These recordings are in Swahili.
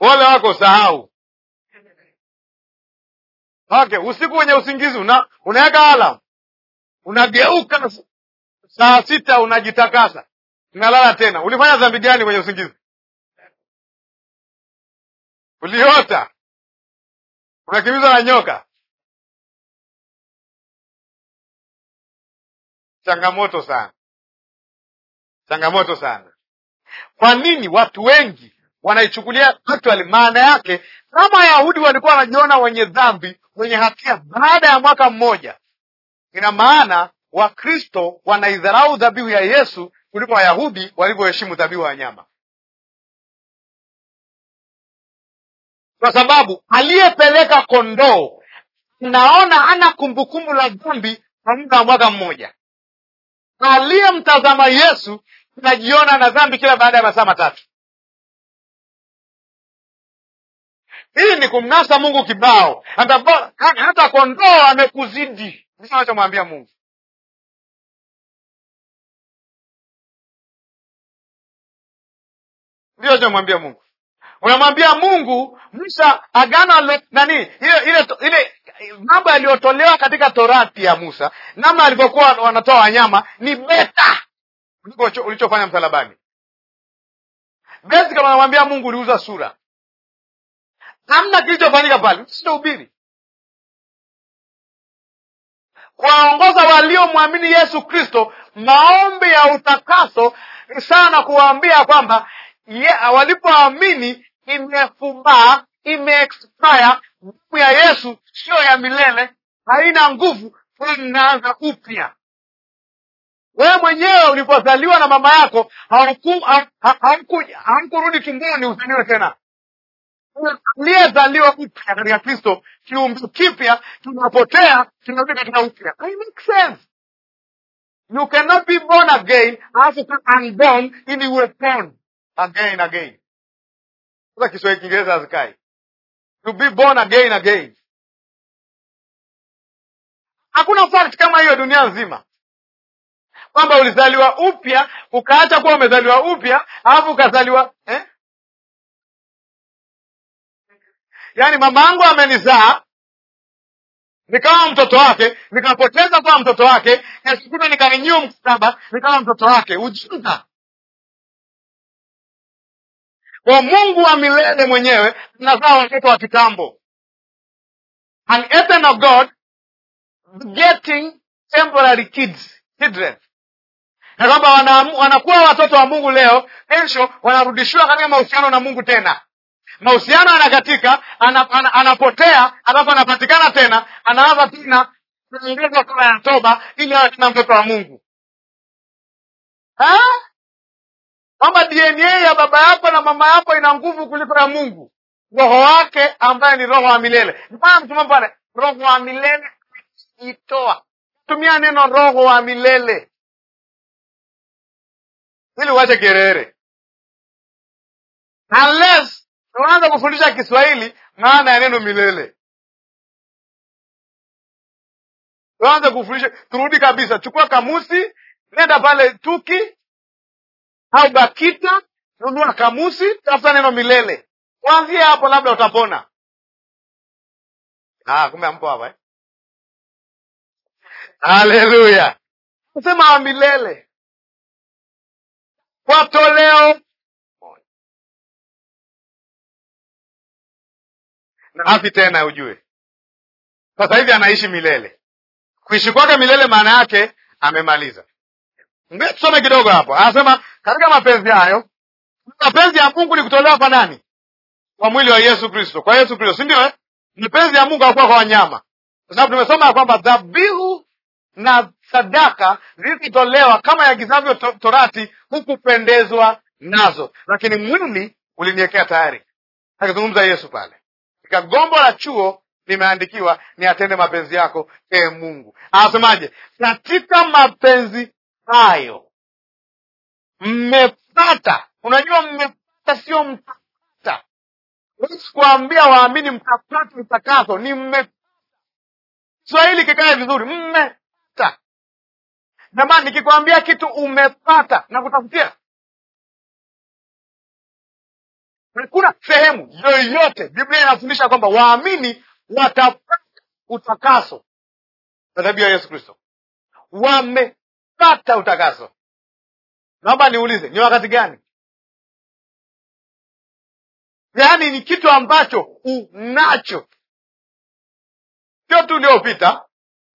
Ole wako sahau okay. Usiku wenye usingizi una, unaweka alam, unageuka saa sita unajitakasa, unalala tena. Ulifanya dhambi gani kwenye usingizi? Uliota unakimbizwa na nyoka. Changamoto sana, changamoto sana. Kwa nini watu wengi wanaichukulia actually maana yake kama Wayahudi walikuwa wanajiona wenye dhambi, wenye hatia baada ya mwaka mmoja. Ina maana Wakristo wanaidharau dhabihu ya Yesu kuliko Wayahudi walivyoheshimu dhabihu ya nyama, kwa sababu aliyepeleka kondoo naona ana kumbukumbu la dhambi kwa muda wa mwaka mmoja, aliyemtazama Yesu anajiona na dhambi kila baada ya masaa matatu. Hii ni kumnasa Mungu kibao, hata, hata kondoo amekuzidi. Ndicho anachomwambia Mungu. Ndiyo anachomwambia Mungu. Unamwambia Mungu Musa, agano nani ile ile ile mambo yaliyotolewa katika torati ya Musa, namna alivyokuwa wanatoa wanyama ni beta kuliko ulichofanya msalabani. kama unamwambia Mungu uliuza sura hamna kilichofanyika pale, sitahubiri kuwaongoza waliomwamini Yesu Kristo maombi ya utakaso sana, kuwaambia kwamba walipoamini imefumbaa imeexpire. nguvu ya Yesu siyo ya milele, haina nguvu, inaanza upya. Wewe mwenyewe ulipozaliwa na mama yako hamkurudi tumboni uzaliwe tena, aliyezaliwa upya katika kristo kiumbe kipya tunapotea tunarudi katika upya it makes sense you cannot be born again alafu unborn ili uwe born again again sasa kiswahili kiingereza hazikai to be born again again hakuna fact kama hiyo dunia nzima kwamba ulizaliwa upya ukaacha kuwa umezaliwa upya alafu ukazaliwa eh? yaani mamangu amenizaa nikawa mtoto wake, nikapoteza kuwa mtoto wake, kasikuta nikaninyiwa mkataba, nikawa mtoto wake. Ujinga kwa Mungu wa milele mwenyewe anazaa watoto wa kitambo. An ethan of God getting temporary kids children, na kwamba wanakuwa watoto wa Mungu leo, kesho wanarudishiwa katika mahusiano na Mungu tena mahusiano anakatika, anapotea, alafu anapatikana tena, anaanza tena kuongeza sala ya toba ili awe tena mtoto wa Mungu. Kwamba DNA ya baba yako na mama yako ina nguvu kuliko ya Mungu, roho wake ambaye ni roho wa milele. Maana mtume pale, roho wa milele itoa, tumia neno roho wa milele ili uache gerere unless tunaanza kufundisha Kiswahili maana ya neno milele. Tuanze kufundisha, turudi kabisa, chukua kamusi, nenda pale Tuki au Bakita, nunua kamusi, tafuta neno milele, kuanzia hapo labda utapona. Ah, kumbe ampo hapa eh? Haleluya! Kusema wa milele kwa toleo afi tena ujue. Sasa hivi anaishi milele. Kuishi kwake milele maana yake amemaliza. Ngoja tusome kidogo hapo. Anasema katika mapenzi hayo, mapenzi ya Mungu ni kutolewa kwa nani? Kwa mwili wa Yesu Kristo, kwa Yesu Kristo, si ndio? Eh, mapenzi ya Mungu hakuwa kwa wanyama, kwa sababu tumesoma kwamba dhabihu na sadaka zilizotolewa kama yagizavyo to torati hukupendezwa nazo, lakini mwili uliniwekea tayari. Akizungumza Yesu pale katika gombo la chuo nimeandikiwa ni atende mapenzi yako e Mungu. Anasemaje? katika mapenzi hayo mmepata. Unajua mmepata sio mtapata. kuambia waamini mtapata mtakaso, ni mmepata. Swahili kikae vizuri, mmepata. Jamani, nikikwambia kitu umepata, nakutafutia hakuna sehemu yoyote Biblia inafundisha kwamba waamini watapata utakaso madhabihu ya Yesu Kristo, wamepata utakaso. Naomba niulize, ni wakati gani? Yaani ni kitu ambacho unacho, sio tu uliopita,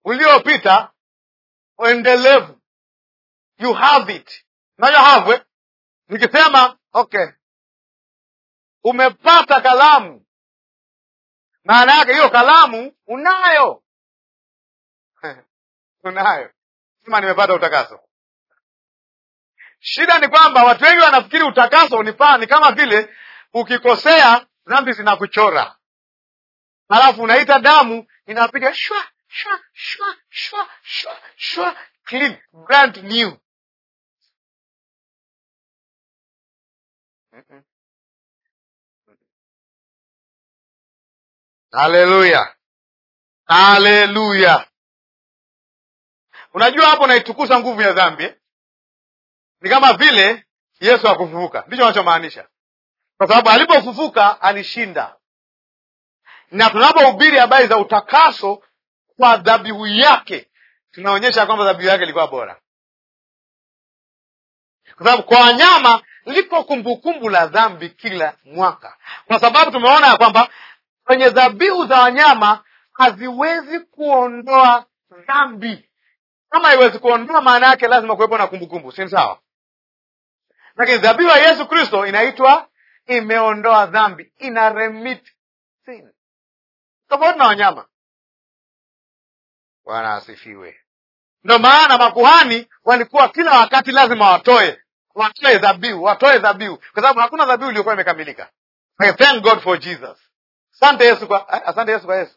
uliopita uendelevu, you have it, nayo have. Nikisema okay umepata kalamu, maana yake hiyo kalamu unayo unayo. Sema nimepata utakaso. Shida ni kwamba watu wengi wanafikiri utakaso unifaa, ni kama vile ukikosea dhambi zinakuchora, halafu unaita damu inapiga shwa shwa shwa shwa shwa shwa, clean brand new. Haleluya, haleluya! Unajua, hapo naitukuza nguvu ya dhambi eh? Ni kama vile Yesu hakufufuka, ndicho anachomaanisha, kwa sababu alipofufuka alishinda. Na tunapohubiri habari za utakaso kwa dhabihu yake, tunaonyesha kwamba dhabihu yake ilikuwa bora, kwa sababu kwa wanyama liko kumbukumbu la dhambi kila mwaka, kwa sababu tumeona ya kwamba kwenye dhabihu za wanyama haziwezi kuondoa dhambi. Kama haiwezi kuondoa, maana yake lazima kuwepo na kumbukumbu, si sawa? Lakini dhabihu ya Yesu Kristo inaitwa imeondoa dhambi, ina remit sin, tofauti na wanyama. Bwana asifiwe. Ndo maana makuhani walikuwa kila wakati lazima watoe watoe dhabihu, watoe dhabihu, kwa sababu hakuna dhabihu iliyokuwa imekamilika. Thank God for Jesus. Asante Yesu kwa eh, asante Yesu kwa Yesu,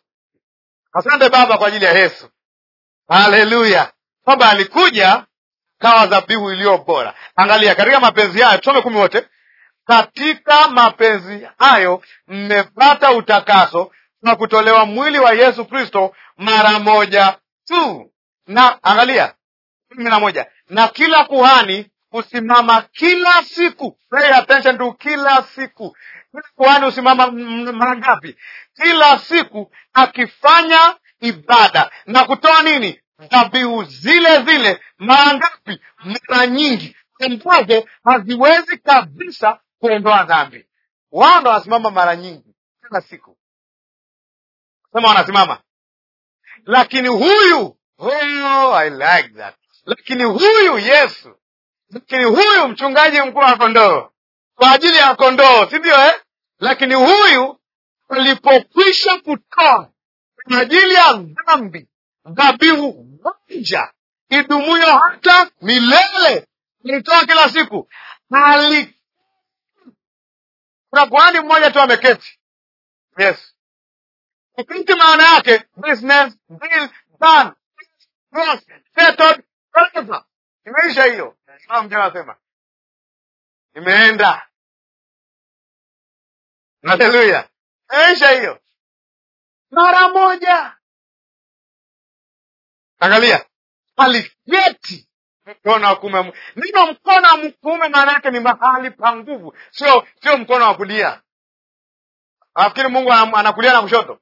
asante Baba kwa ajili ya Yesu. Haleluya, kwamba alikuja kawa dhabihu iliyo bora. Angalia katika mapenzi hayo, tusome kumi wote. Katika mapenzi hayo mmepata utakaso na kutolewa mwili wa Yesu Kristo mara moja tu, na angalia kumi na moja, na kila kuhani husimama kila siku. Pay attention to kila siku. Kwani husimama mara ngapi? Kila siku akifanya ibada na kutoa nini? Dhabihu zile zile. Mara ngapi? Mara nyingi, ambazo haziwezi kabisa kuondoa dhambi. Wao ndo wanasimama mara nyingi kila siku, sema wanasimama. Lakini huyu oh, I like that. Lakini huyu Yesu lakini huyu mchungaji mkuu wa kondoo kwa ajili ya kondoo, si ndio eh? Lakini huyu alipokwisha kutoa kwa ajili ya dhambi dhabihu moja idumuyo hata milele, alitoa kila siku Hali. kuna kuhani mmoja tu ameketi, yes, kuketi maana yake business deal done, settled, Imeisha hiyo. Kama mtu anasema imeenda, haleluya, imeisha hiyo mara moja. Angalia, aliketi mkono wa kuume. Neno mkono wa kuume maana yake ni mahali pa nguvu, sio sio mkono wa kulia. Nafikiri Mungu anakulia na kushoto.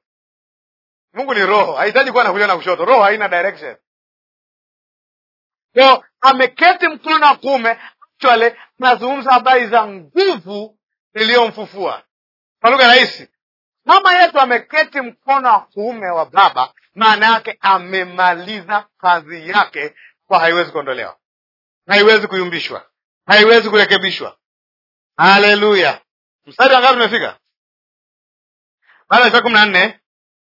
Mungu ni roho, hahitaji kuwa anakulia na kushoto. Roho haina direction. So ameketi mkono na kuume, actually anazungumza habari za nguvu iliyomfufua. Kwa lugha rahisi, mama yetu ameketi mkono wa kuume wa Baba, maana yake amemaliza kazi yake, kwa haiwezi kuondolewa, haiwezi kuyumbishwa, haiwezi kurekebishwa. Haleluya! mstari wangapi tumefika? Mara kumi na nne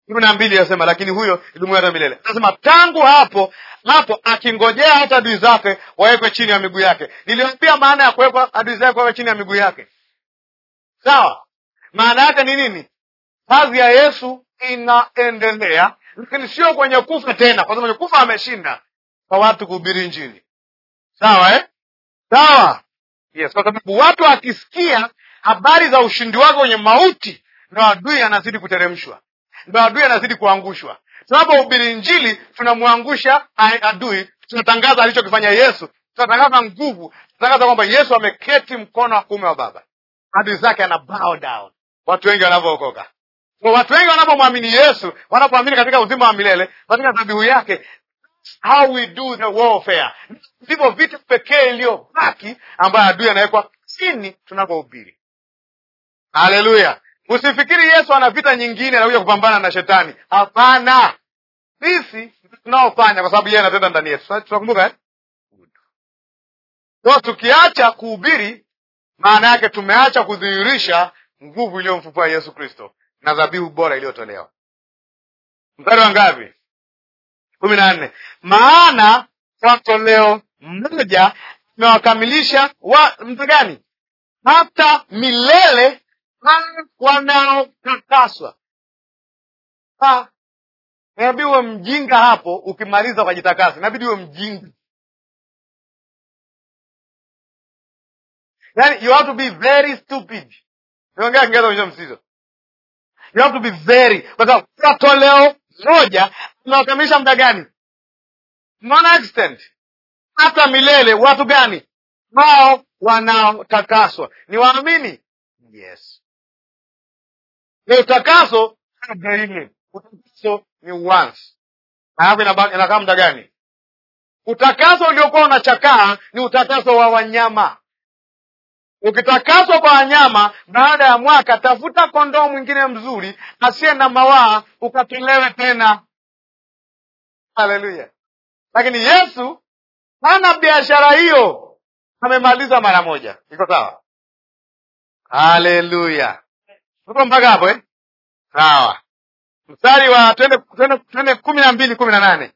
kumi na mbili inasema lakini huyo idumu hata milele. Nasema tangu hapo hapo akingojea hata adui zake wawekwe chini ya miguu yake. Niliwaambia maana ya kuwekwa adui zake wawekwe chini ya miguu yake, sawa? Maana yake ni nini? Kazi ya Yesu inaendelea, lakini sio kwenye kufa tena, kwa sababu kufa ameshinda, kwa watu kuhubiri njini sawa eh? Sawa, yes, kwa sababu watu akisikia habari za ushindi wake kwenye mauti, na adui anazidi kuteremshwa ndio adui anazidi kuangushwa. Tunapohubiri Injili tunamwangusha adui, tunatangaza alichokifanya Yesu, tunatangaza nguvu, tunatangaza kwamba Yesu ameketi mkono wa kuume wa Baba, adui zake ana bow down. Watu wengi wanavyookoka watu wengi wanapomwamini Yesu, wanapoamini katika uzima wa milele, katika dhabihu yake, how we do the warfare, ndivyo vitu pekee iliyobaki ambayo adui anawekwa chini tunapohubiri. Haleluya! Usifikiri Yesu ana vita nyingine, anakuja kupambana na shetani. Hapana, sisi tunaofanya kwa sababu yeye anatenda ndani yetu. Tunakumbuka eh? So, tukiacha kuhubiri, maana yake tumeacha kudhihirisha nguvu iliyomfufua Yesu Kristo na dhabihu bora iliyotolewa. Mstari wa ngapi? kumi na nne. Maana kwa toleo mmoja amewakamilisha wa mtu gani? Hata milele haya wanaotakaswa. Inabidi uwe mjinga hapo, ukimaliza ukajitakasa, inabidi uwe mjinga. Yani, you have to be very stupid. Niongea Kiingereza kuonyesha msizo, You have to be very, kwa sababu kila toleo moja tunawakamilisha muda gani? Non extant hata milele. Watu gani? Hao wanaotakaswa ni waamini. Yes, na utakaso kadri ile. Utakaso ni once na hapo inakaa muda gani? Utakaso uliokuwa unachakaa ni utakaso wa wanyama. Ukitakaswa kwa wanyama, baada ya mwaka tafuta kondoo mwingine mzuri asiye na mawaa, ukatolewe tena. Haleluya! Lakini Yesu hana biashara hiyo, amemaliza mara moja. Iko sawa? Haleluya! Tuko mpaka hapo eh? Sawa. Mstari wa twende twende kumi na mbili kumi na nane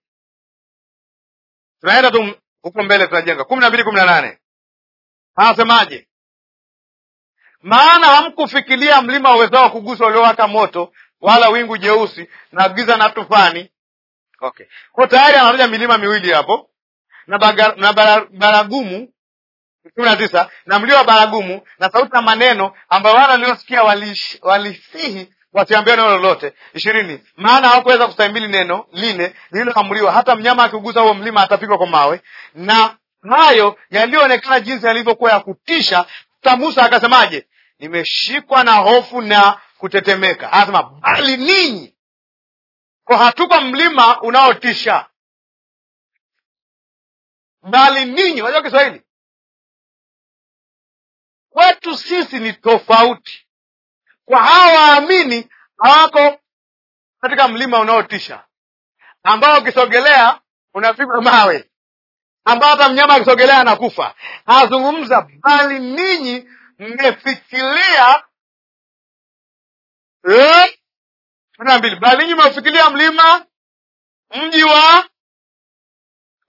tunaenda tu huko mbele, tunajenga kumi na mbili kumi na nane anasemaje? Maana hamkufikiria mlima uwezao wa kuguswa uliowaka moto, wala wingu jeusi na giza na tufani. Okay, kwa tayari anataja milima miwili hapo na, baga, na baragumu kumi na tisa na mlio wa baragumu na sauti ya maneno ambayo wale waliosikia walisihi wasiambia neno lolote. ishirini maana hawakuweza kustahimili neno lile lililoamriwa, hata mnyama akiuguza huo mlima atapigwa kwa mawe. Na hayo yaliyoonekana jinsi yalivyokuwa ya kutisha, hata Musa akasemaje? Nimeshikwa na hofu na kutetemeka. Anasema bali ninyi, kwa hatuko mlima unaotisha, bali ninyi. Unajua Kiswahili Kwetu sisi ni tofauti. Kwa hawa waamini hawako katika mlima unaotisha ambao ukisogelea unapigwa mawe, ambao hata mnyama akisogelea anakufa. Anazungumza, bali ninyi mmefikiria eh, mbili, bali ninyi mmefikiria mlima, mji wa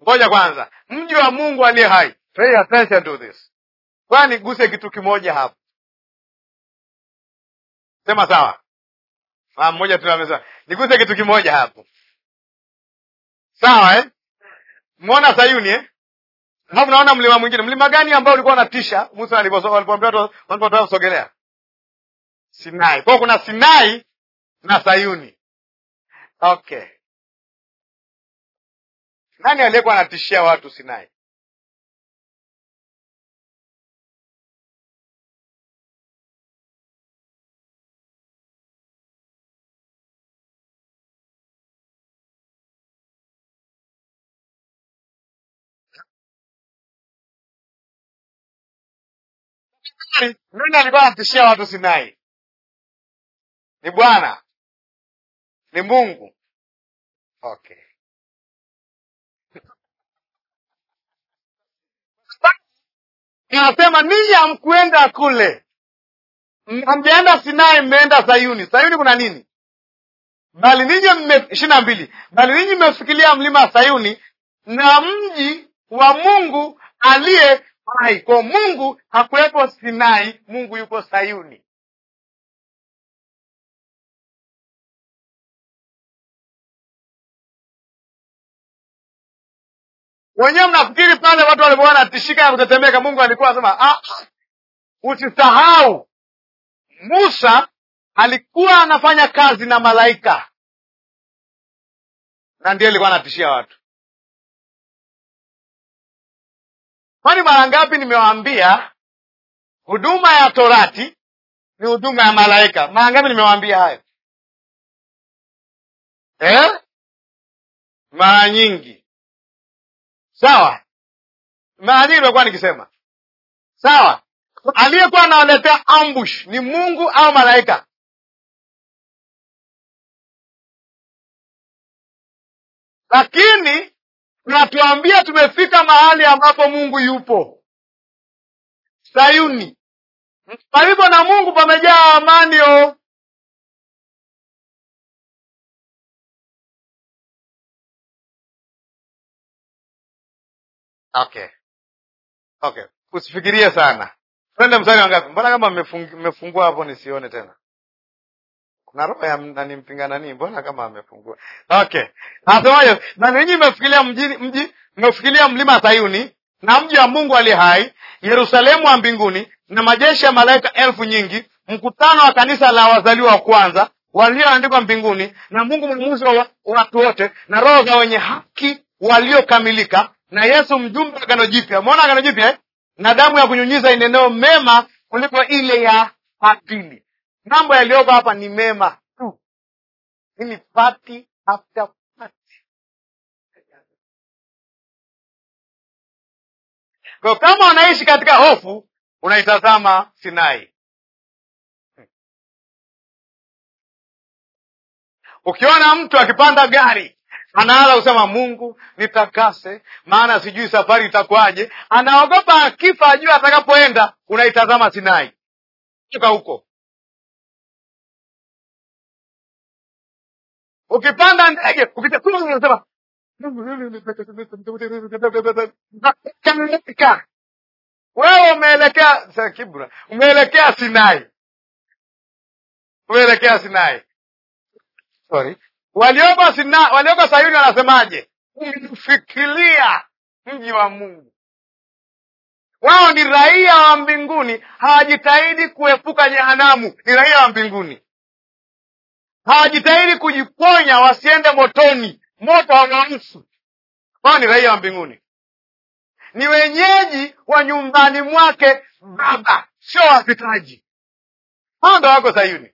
ngoja kwanza, mji wa Mungu aliye hai. Pay attention to this kwaya niguse kitu kimoja hapo, sema sawa. Mama ah, mmoja tu amesema niguse kitu kimoja hapo, sawa eh? Muona Sayuni eh? Halafu naona mlima mwingine. Mlima gani ambao ulikuwa unatisha Musa alipoambia watu Sinai. Kwa kuna Sinai na Sayuni. Okay, nani aliyekuwa anatishia watu Sinai? Sinai, nani alikuwa anatishia watu Sinai? Ni Bwana, ni Mungu. Okay, ninasema ninyi hamkuenda kule, hamjaenda Sinai, mmeenda Sayuni. Sayuni kuna nini? Bali ninyi ishirini na mbili, bali ninyi mmefikilia mlima Sayuni na mji wa Mungu aliye hai. Kwa Mungu hakuwepo Sinai, Mungu yuko Sayuni. Wenyewe mnafikiri pale watu walipoona wanatishika na kutetemeka, Mungu alikuwa anasema ah, usisahau Musa alikuwa anafanya kazi na malaika, na ndiye alikuwa anatishia watu. Kwani mara ngapi nimewaambia huduma ya torati ni huduma ya malaika? Mara ngapi nimewaambia hayo eh? Mara nyingi, sawa. Mara nyingi nimekuwa nikisema sawa, aliyekuwa anawaletea ambush ni Mungu au malaika? Lakini tunatuambia tumefika mahali ambapo Mungu yupo Sayuni, palipo na Mungu pamejaa amani. o oh. Okay, okay, usifikirie sana. Twende mstari wangapi? Mbona kama mmefungua hapo nisione tena kuna roho ya nani mpinga mbona kama amefungua? Okay, nasemaje? Na ninyi mmefikiria mji mji, mmefikiria mlima Sayuni na mji wa Mungu aliye hai, Yerusalemu wa mbinguni, na majeshi ya malaika elfu nyingi, mkutano wa kanisa la wazaliwa wa kwanza walioandikwa mbinguni, na Mungu mwamuzi wa watu wote, na roho za wenye haki waliokamilika, na Yesu mjumbe agano jipya. Umeona agano jipya eh? na damu ya kunyunyiza ineneo mema kuliko ile ya Habili. Mambo yaliyoko hapa ni mema tu, ni party after party. Kwa kama unaishi katika hofu, unaitazama Sinai. Ukiona mtu akipanda gari anaanza kusema Mungu nitakase, maana sijui safari itakuwaje, anaogopa akifa, ajua atakapoenda. Unaitazama Sinai, shuka huko ukipanda ndege ukisema wewe umeelekea Kibra, umeelekea Sinai, umeelekea Sinai. Sorry, walioko Sina, walioko Sayuni wanasemaje? umefikilia mji wa Mungu. Wao ni raia wa mbinguni, hawajitahidi kuepuka jehanamu, ni raia wa mbinguni hawajitahidi kujiponya wasiende motoni, moto hawaruhusu. Wao ni raia wa mbinguni, ni wenyeji wa nyumbani mwake Baba, sio wapitaji. Hao ndo wako Sayuni.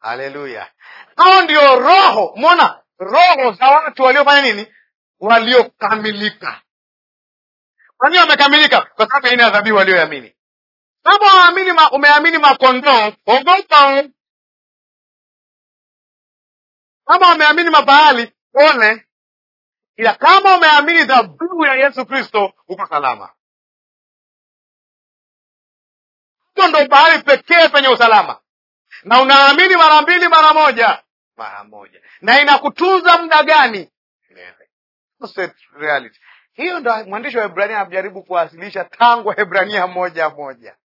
Haleluya! Hao ndio roho, mwona roho za watu waliofanya nini? Waliokamilika. Kwa nini wamekamilika? Kwa sababu aina ya dhabihu walioamini. Kama waamini, umeamini makondoo, ogopa kama wameamini mabahali one, ila kama umeamini dhabihu ya Yesu Kristo uko salama. Hiyo ndo pahali pekee penye usalama, na unaamini mara mbili, mara moja, mara moja, na inakutunza muda gani? Reality hiyo ndo mwandishi wa Hebrania anajaribu kuwasilisha tangu Hebrania moja moja.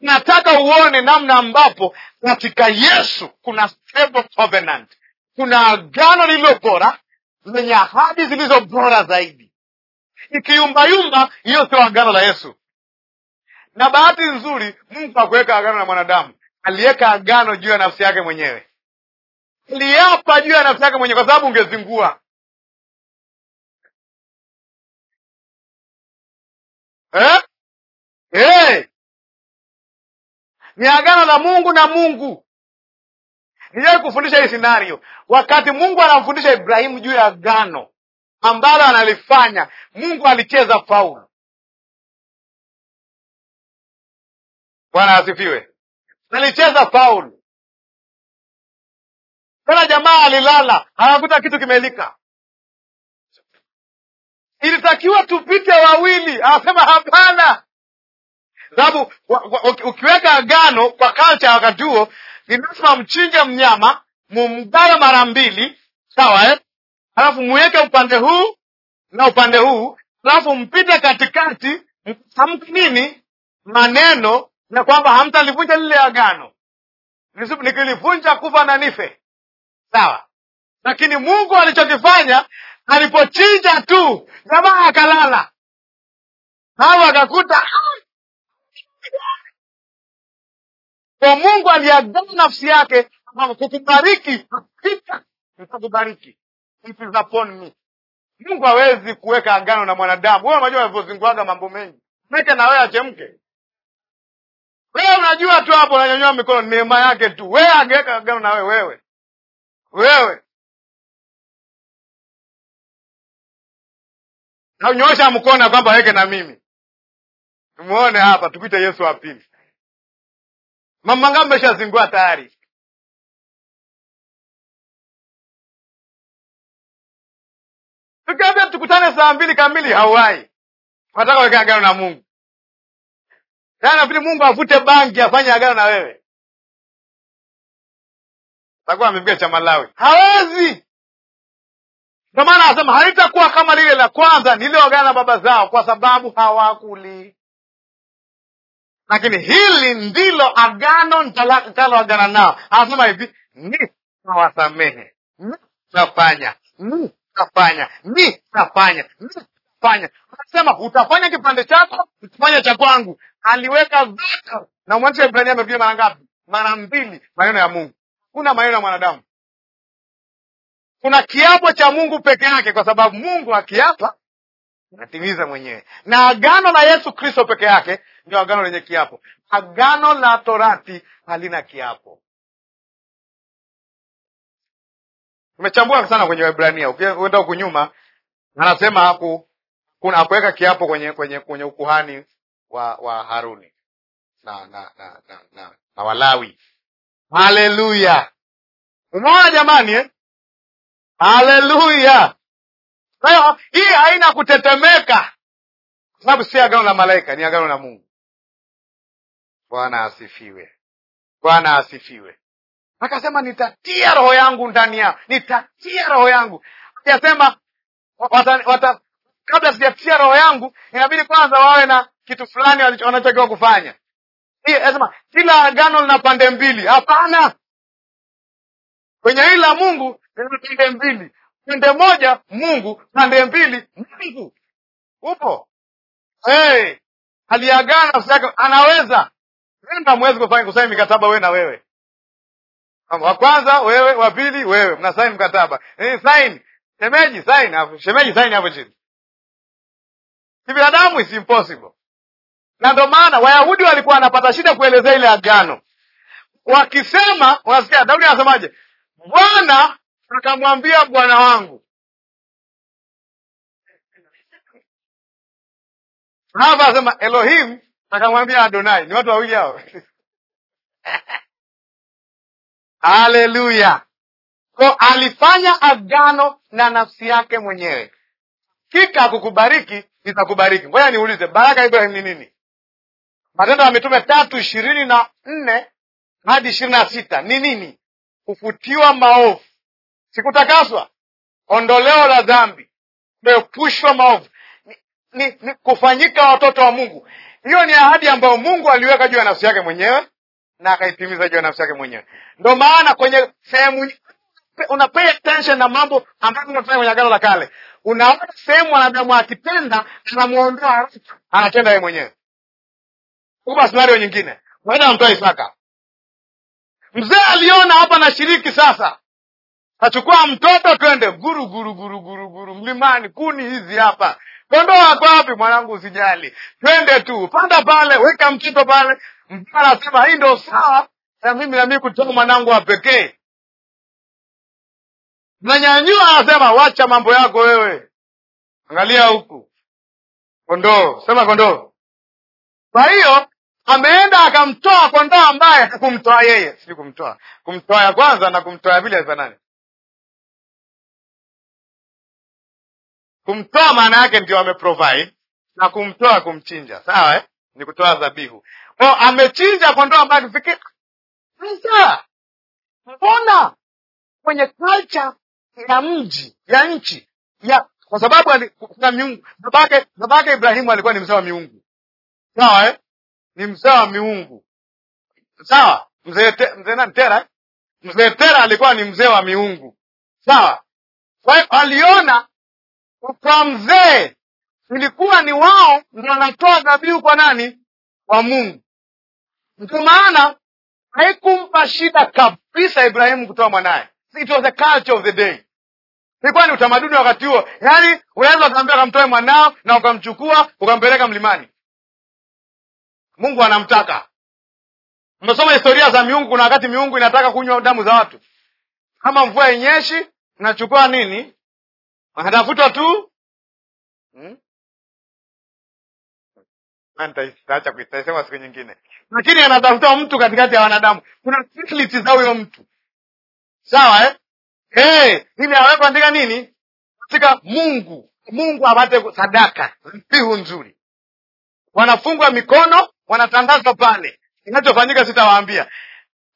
Nataka uone namna ambapo katika Yesu kuna stable covenant, kuna agano lililo bora lenye ahadi zilizo bora zaidi. Ikiyumbayumba, hiyo sio agano la Yesu. Na bahati nzuri, Mungu hakuweka agano na mwanadamu, aliweka agano juu ya nafsi yake mwenyewe. Aliapa juu ya nafsi yake mwenyewe, kwa sababu ungezingua eh? Eh! ni agano la Mungu na Mungu Niliwahi kufundisha hii scenario wakati Mungu anamfundisha Ibrahimu juu ya agano ambalo analifanya. Mungu alicheza faulu. Bwana asifiwe. Alicheza faulu. Kana jamaa alilala anakuta kitu kimelika. Ilitakiwa tupite wawili, anasema hapana, sababu ukiweka agano kwa kalcha ya wakati huo ni lazima mchinje mnyama mumgawe mara mbili, sawa eh? Alafu muweke upande huu na upande huu, alafu mpite katikati, mtamke nini maneno ya kwamba hamtalivunja lile agano, nikilivunja kufa na nife, sawa. Lakini Mungu alichokifanya alipochinja tu, jamaa akalala, Hawa akakuta ah, kwa Mungu aliadaa nafsi yake kwamba kukubariki hakika nitakubariki, it is upon me. Mungu hawezi kuweka agano na mwanadamu. Wewe unajua unavyozinguaga mambo mengi, meke na wewe achemke. Wewe unajua tu hapo, unanyanyua mikono, neema yake tu. Wewe angeweka agano na wewe wewe wewe na unyoosha mkono kwamba weke na mimi Muone hapa tukuite Yesu wa pili. Mama Ngamba ishazingua tayari. Tukiambia tukutane saa mbili kamili hauwai. nataka weka agano na Mungu. Yaani Mungu avute bangi afanye agano na wewe. Atakuwa amempiga cha Malawi. Hawezi. ndo maana anasema halitakuwa kama lile la kwanza nililoagana na baba zao kwa sababu hawakuli lakini hili ndilo agano agana nao. Anasema hivi, nitawasamehe, nitafanya, nitafanya, nitafanya, nitafanya. Anasema utafanya kipande chako, utafanya cha kwangu. Aliweka vito na mwandishi wa Ibrania amepiga mara ngapi? Mara mbili, maneno ya Mungu. Kuna maneno ya mwanadamu, kuna kiapo cha Mungu peke yake, kwa sababu Mungu akiapa natimiza mwenyewe. Na agano la Yesu Kristo peke yake ndio agano lenye kiapo. Agano la Torati halina kiapo. umechambua sana kwenye wahibrania uenda huku nyuma anasema haku kuna hakuweka kiapo kwenye kwenye kwenye ukuhani wa wa Haruni na na na na, na, na Walawi. Haleluya! Umeona jamani eh? Haleluya! Kwa hiyo hii haina kutetemeka, kwa sababu si agano la malaika, ni agano la Mungu. Bwana asifiwe, Bwana asifiwe. Akasema nitatia roho yangu ndani yao, nitatia roho yangu. wata, kabla sijatia roho yangu, inabidi kwanza wawe na kitu fulani wanachotakiwa kufanya. Anasema kila agano lina pande mbili. Hapana, kwenye hili la Mungu lina pande mbili pande moja Mungu, pande mbili Mungu. Upo hey, aliagana nafsi yake, anaweza enda, mwezi kufanya kusaini mikataba wewe na wewe, wa kwanza wewe, wa pili wewe, mnasaini mkataba e, sign shemeji, sign hapo, shemeji sign hapo chini. Kibinadamu is impossible, na ndo maana Wayahudi walikuwa wanapata shida kuelezea ile agano, wakisema, unasikia Daudi anasemaje? Bwana tutamwambia bwana wangu hapa asema Elohim, akamwambia Adonai. Ni watu wawili hao. Haleluya! ko alifanya agano na nafsi yake mwenyewe, kika kukubariki, nitakubariki. Ngoja niulize, baraka Ibrahim ni nini? Matendo ya Mitume tatu ishirini na nne hadi ishirini na sita ni nini? Kufutiwa maovu, Sikutakaswa, ondoleo la dhambi, meepushwa maovu, ni, ni, ni kufanyika watoto wa Mungu. Hiyo ni ahadi ambayo Mungu aliweka juu ya nafsi yake mwenyewe na akaitimiza juu ya nafsi yake mwenyewe. Ndio maana kwenye sehemu una pay attention na mambo ambayo unafanya kwenye Agano la Kale, unaona sehemu wanadamu akipenda anamuondoa halafu anatenda yeye mwenyewe. Kupa scenario nyingine, mwaenda anamtoa Isaka, mzee aliona hapa na shiriki sasa Nachukua mtoto twende guru guru guru guru guru mlimani, kuni hizi hapa, kondoo wako wapi? Mwanangu, usijali, twende tu, panda pale, weka mchito pale. Mpaa sema hii ndo sawa na mimi nami kutoa mwanangu wa pekee. Nanyanyua anasema wacha mambo yako wewe, angalia huku kondoo, sema kondoo. Kwa hiyo ameenda akamtoa kondoo ambaye hakumtoa yeye, sijui kumtoa, kumtoa ya kwanza na kumtoa ya pili ya nani Kumtoa maana yake ndio ameprovide na kumtoa kumchinja, sawa eh? Ni kutoa dhabihu kwao, amechinja kondoo ambaye tufikiri sasa, mbona kwenye culture ya mji ya nchi ya kwa sababu kuna miungu. Babake babake Ibrahimu alikuwa ni mzee wa miungu, sawa eh? Ni mzee wa miungu, sawa. Mzee te, mzee nani Tera, eh? mzee Tera alikuwa ni mzee wa miungu, sawa. Kwa hiyo aliona kwa mzee, ilikuwa ni wao ndio wanatoa dhabihu kwa nani? Kwa Mungu. Ndio maana haikumpa shida kabisa Ibrahimu kutoa mwanaye. It was a culture of the day, ilikuwa ni utamaduni wa wakati huo. Yaani unaweza ukaambia ukamtoe mwanao na ukamchukua ukampeleka mlimani, Mungu anamtaka. Mmesoma historia za miungu, kuna wakati miungu inataka kunywa damu za watu. Kama mvua inyeshi, unachukua nini? Wakatafuta tu hmm? Nitaacha kuitaisema siku nyingine, lakini anatafuta mtu katikati ya wanadamu. Kuna sikiliti za huyo mtu sawa, eh? Hey, ili awe kuandika nini, katika Mungu, Mungu apate sadaka mpihu nzuri. Wanafungwa mikono, wanatandazwa pale. Kinachofanyika sitawaambia,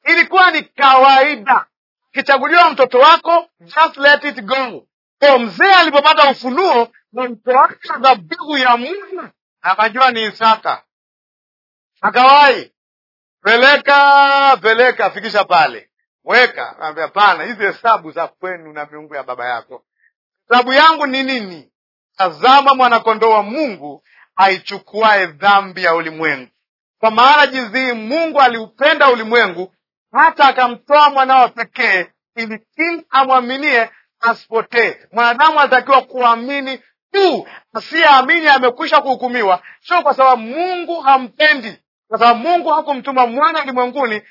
ilikuwa ni kawaida. Kichaguliwa mtoto wako, just let it go. Kwa mzee alipopata ufunuo na wake dhabihu ya mwana akajua ni Isaka, akawai peleka peleka, fikisha pale, weka. Anambia pana, hizi hesabu za kwenu na miungu ya baba yako, hesabu yangu ni nini? Tazama mwanakondoo wa Mungu aichukuae dhambi ya ulimwengu. Kwa maana jinsi hii Mungu aliupenda ulimwengu hata akamtoa mwanao pekee, ili kila amwaminie asipotee. Mwanadamu anatakiwa kuamini tu, asiyeamini amekwisha kuhukumiwa, sio kwa sababu Mungu hampendi, kwa sababu Mungu hakumtuma mwana ulimwenguni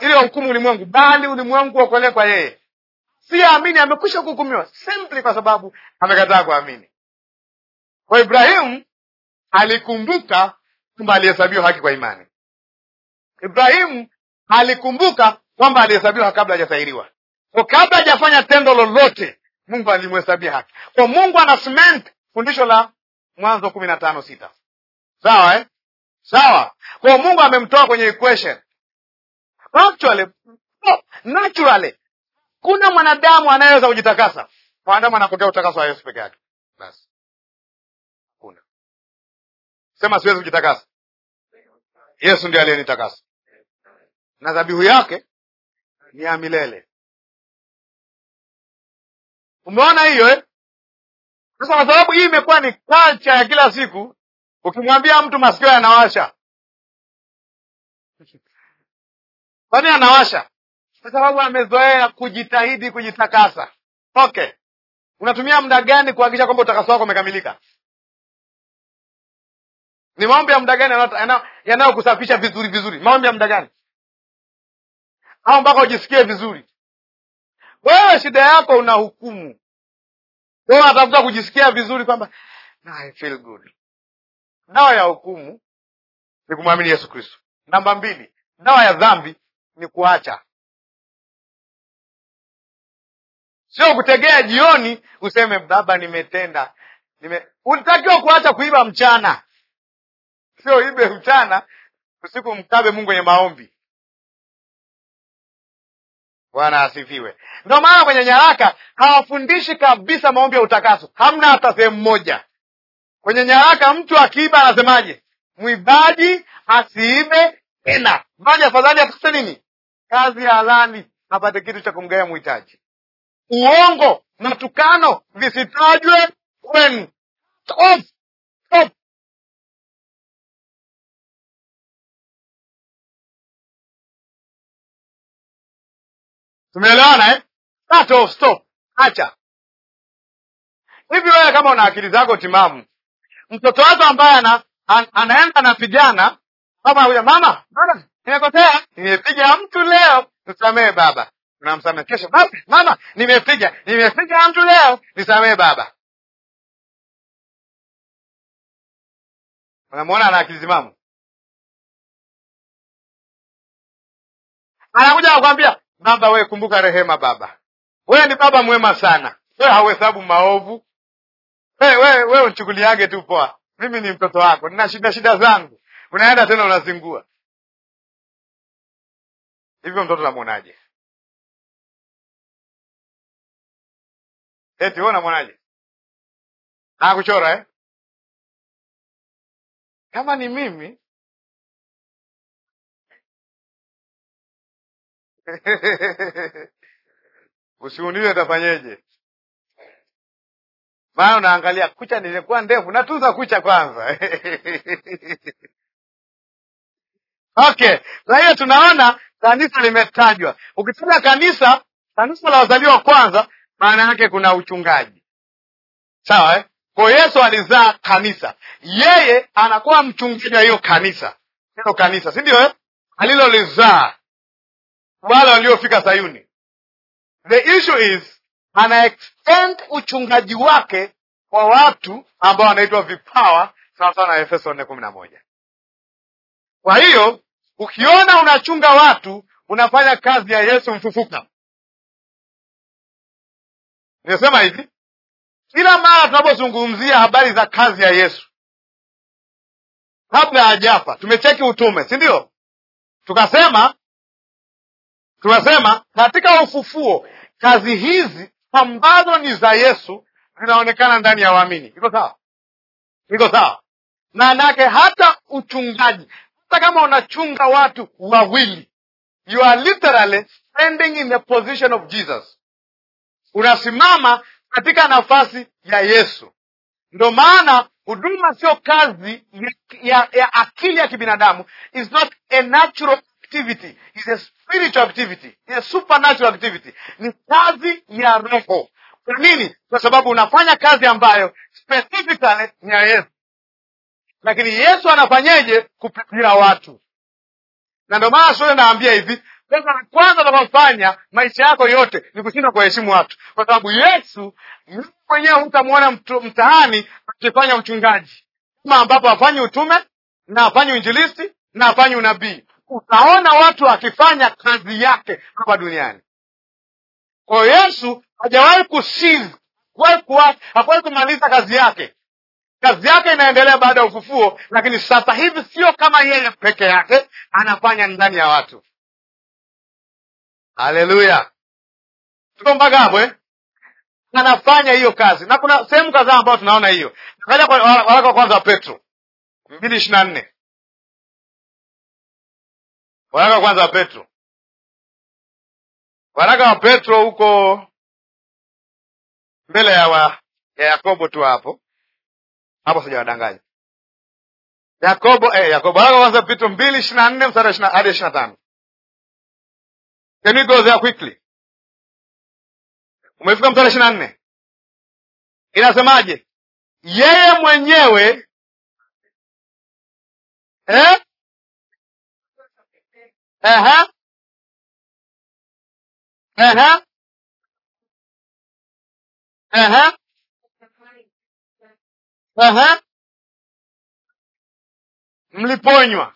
ili wahukumu ulimwengu, bali ulimwengu wakuolee kwa yeye. Siyeamini amekwisha kuhukumiwa simply kwa sababu amekataa kuamini. Kwa Ibrahimu alikumbuka kwamba alihesabiwa haki kwa imani. Ibrahimu alikumbuka kwamba alihesabiwa kabla hajatahiriwa. Kwa kabla hajafanya tendo lolote, Mungu alimhesabia haki. Kwa Mungu ana cement fundisho la Mwanzo kumi na tano sita. Sawa eh? Sawa. Kwa Mungu amemtoa kwenye equation. Actually, no, naturally kuna mwanadamu anayeweza kujitakasa. Mwanadamu anapokea utakaso wa Yesu peke yake. Basi. Kuna. Sema siwezi kujitakasa. Yesu ndiye aliyenitakasa. Na dhabihu yake ni ya milele. Umeona hiyo eh? Sasa kwa sababu hii imekuwa ni culture ya kila siku, ukimwambia mtu masikio yanawasha, kwani anawasha? Kwa sababu amezoea kujitahidi kujitakasa. Okay, unatumia muda gani kuhakikisha kwamba utakaso wako umekamilika? Ni maombi ya muda gani yanayokusafisha vizuri vizuri? Maombi ya muda gani au mpaka ujisikie vizuri? Wewe shida yako una hukumu, wewe unatafuta kujisikia vizuri kwamba no, I feel good. Dawa ya hukumu ni kumwamini Yesu Kristo. Namba mbili, dawa ya dhambi ni kuacha, sio kutegea jioni useme baba, nimetenda nime... unatakiwa kuacha kuiba mchana, sio ibe mchana usiku mkabe Mungu kwenye maombi. Bwana asifiwe. Ndio maana kwenye nyaraka hawafundishi kabisa maombi ya utakaso, hamna hata sehemu moja kwenye nyaraka. Mtu akiiba anasemaje? Mwibaji asiibe tena, mbaji afadhali atakuse nini, kazi ya halali, apate kitu cha kumgawia mhitaji. Uongo na tukano visitajwe kwenu. Tumeelewana eh? Cut off, stop. Acha hivi. Wewe kama una akili zako timamu, mtoto wako ambaye ana, an, anaenda anapigana, mama huyo, mama, mama, nimekosea, nimepiga mtu leo, nisamehe baba. Unamsamehe kesho, baba, mama, nimepiga nimepiga mtu leo, nisamehe baba. Unamwona ana akili timamu? Anakuja akwambia Baba wewe kumbuka rehema Baba, wewe ni baba mwema sana, wewe hauhesabu maovu, wewe wewe unchukuliage tu poa. Mimi ni mtoto wako, nina shida shida zangu, unaenda tena unazingua hivyo. Mtoto namwonaje? Eti wewe unamwonaje? Nakuchora eh? Kama ni mimi Usiulize nitafanyeje, maana unaangalia kucha nilikuwa ndefu, natunza kucha kwanza. Okay, kwa hiyo tunaona kanisa limetajwa. Ukitaja kanisa, kanisa la wazaliwa wa kwanza, maana yake kuna uchungaji, sawa eh? Kwa Yesu alizaa kanisa, yeye anakuwa mchungaji wa hiyo kanisa, hilo kanisa, si ndio eh? alilolizaa wale waliofika Sayuni. The issue is ana extend uchungaji wake kwa watu ambao wanaitwa vipawa, sawa sawa na Efeso 4:11. kumi na moja. Kwa hiyo ukiona unachunga watu unafanya kazi ya Yesu mfufuka. Nimesema hivi kila mara tunapozungumzia habari za kazi ya Yesu kabla hajafa, tumecheki utume, si ndio? Tukasema tunasema katika ufufuo kazi hizi ambazo ni za Yesu zinaonekana ndani ya waamini. Iko sawa? Iko sawa? Maana hata uchungaji, hata kama unachunga watu wawili, you are literally standing in the position of Jesus, unasimama katika nafasi ya Yesu. Ndo maana huduma sio kazi ya, ya, ya akili ya kibinadamu, is not a natural activity is a spiritual activity, is a supernatural activity. Ni kazi ya Roho. Kwa nini? Kwa sababu unafanya kazi ambayo specifically ni ya Yesu, lakini Yesu anafanyeje? Kupitia watu. Na ndio maana sio naambia hivi kwanza la kwanza utakofanya maisha yako yote ni kushindwa kuwaheshimu watu, kwa sababu Yesu mwenyewe hutamwona mtaani akifanya uchungaji, kama ambapo hafanyi utume na hafanyi uinjilisti na hafanyi unabii utaona watu wakifanya kazi yake hapa duniani. Kwa hiyo Yesu hajawahi kusiz, hakuwahi kumaliza kazi yake. Kazi yake inaendelea baada ya ufufuo, lakini sasa hivi sio kama yeye peke yake, anafanya ndani ya watu. Haleluya, tuko mpaka hapo eh? Anafanya hiyo kazi, na kuna sehemu kadhaa ambayo tunaona hiyo. Kaja waraka wa kwanza wa Petro mbili ishirini na nne Waraka wa kwanza wa Petro, waraka wa Petro huko mbele ya wa, ya Yakobo tu hapo hapo, sijawadanganya. Yakobo eh, Yakobo waraka wa kwanza Petro mbili ishirina nne mstari hadi ishirini na tano. Can we go there quickly? Umefika mstari ishirini na nne, inasemaje? Yeye mwenyewe eh? Aha. Aha. Aha. Aha. Mliponywa.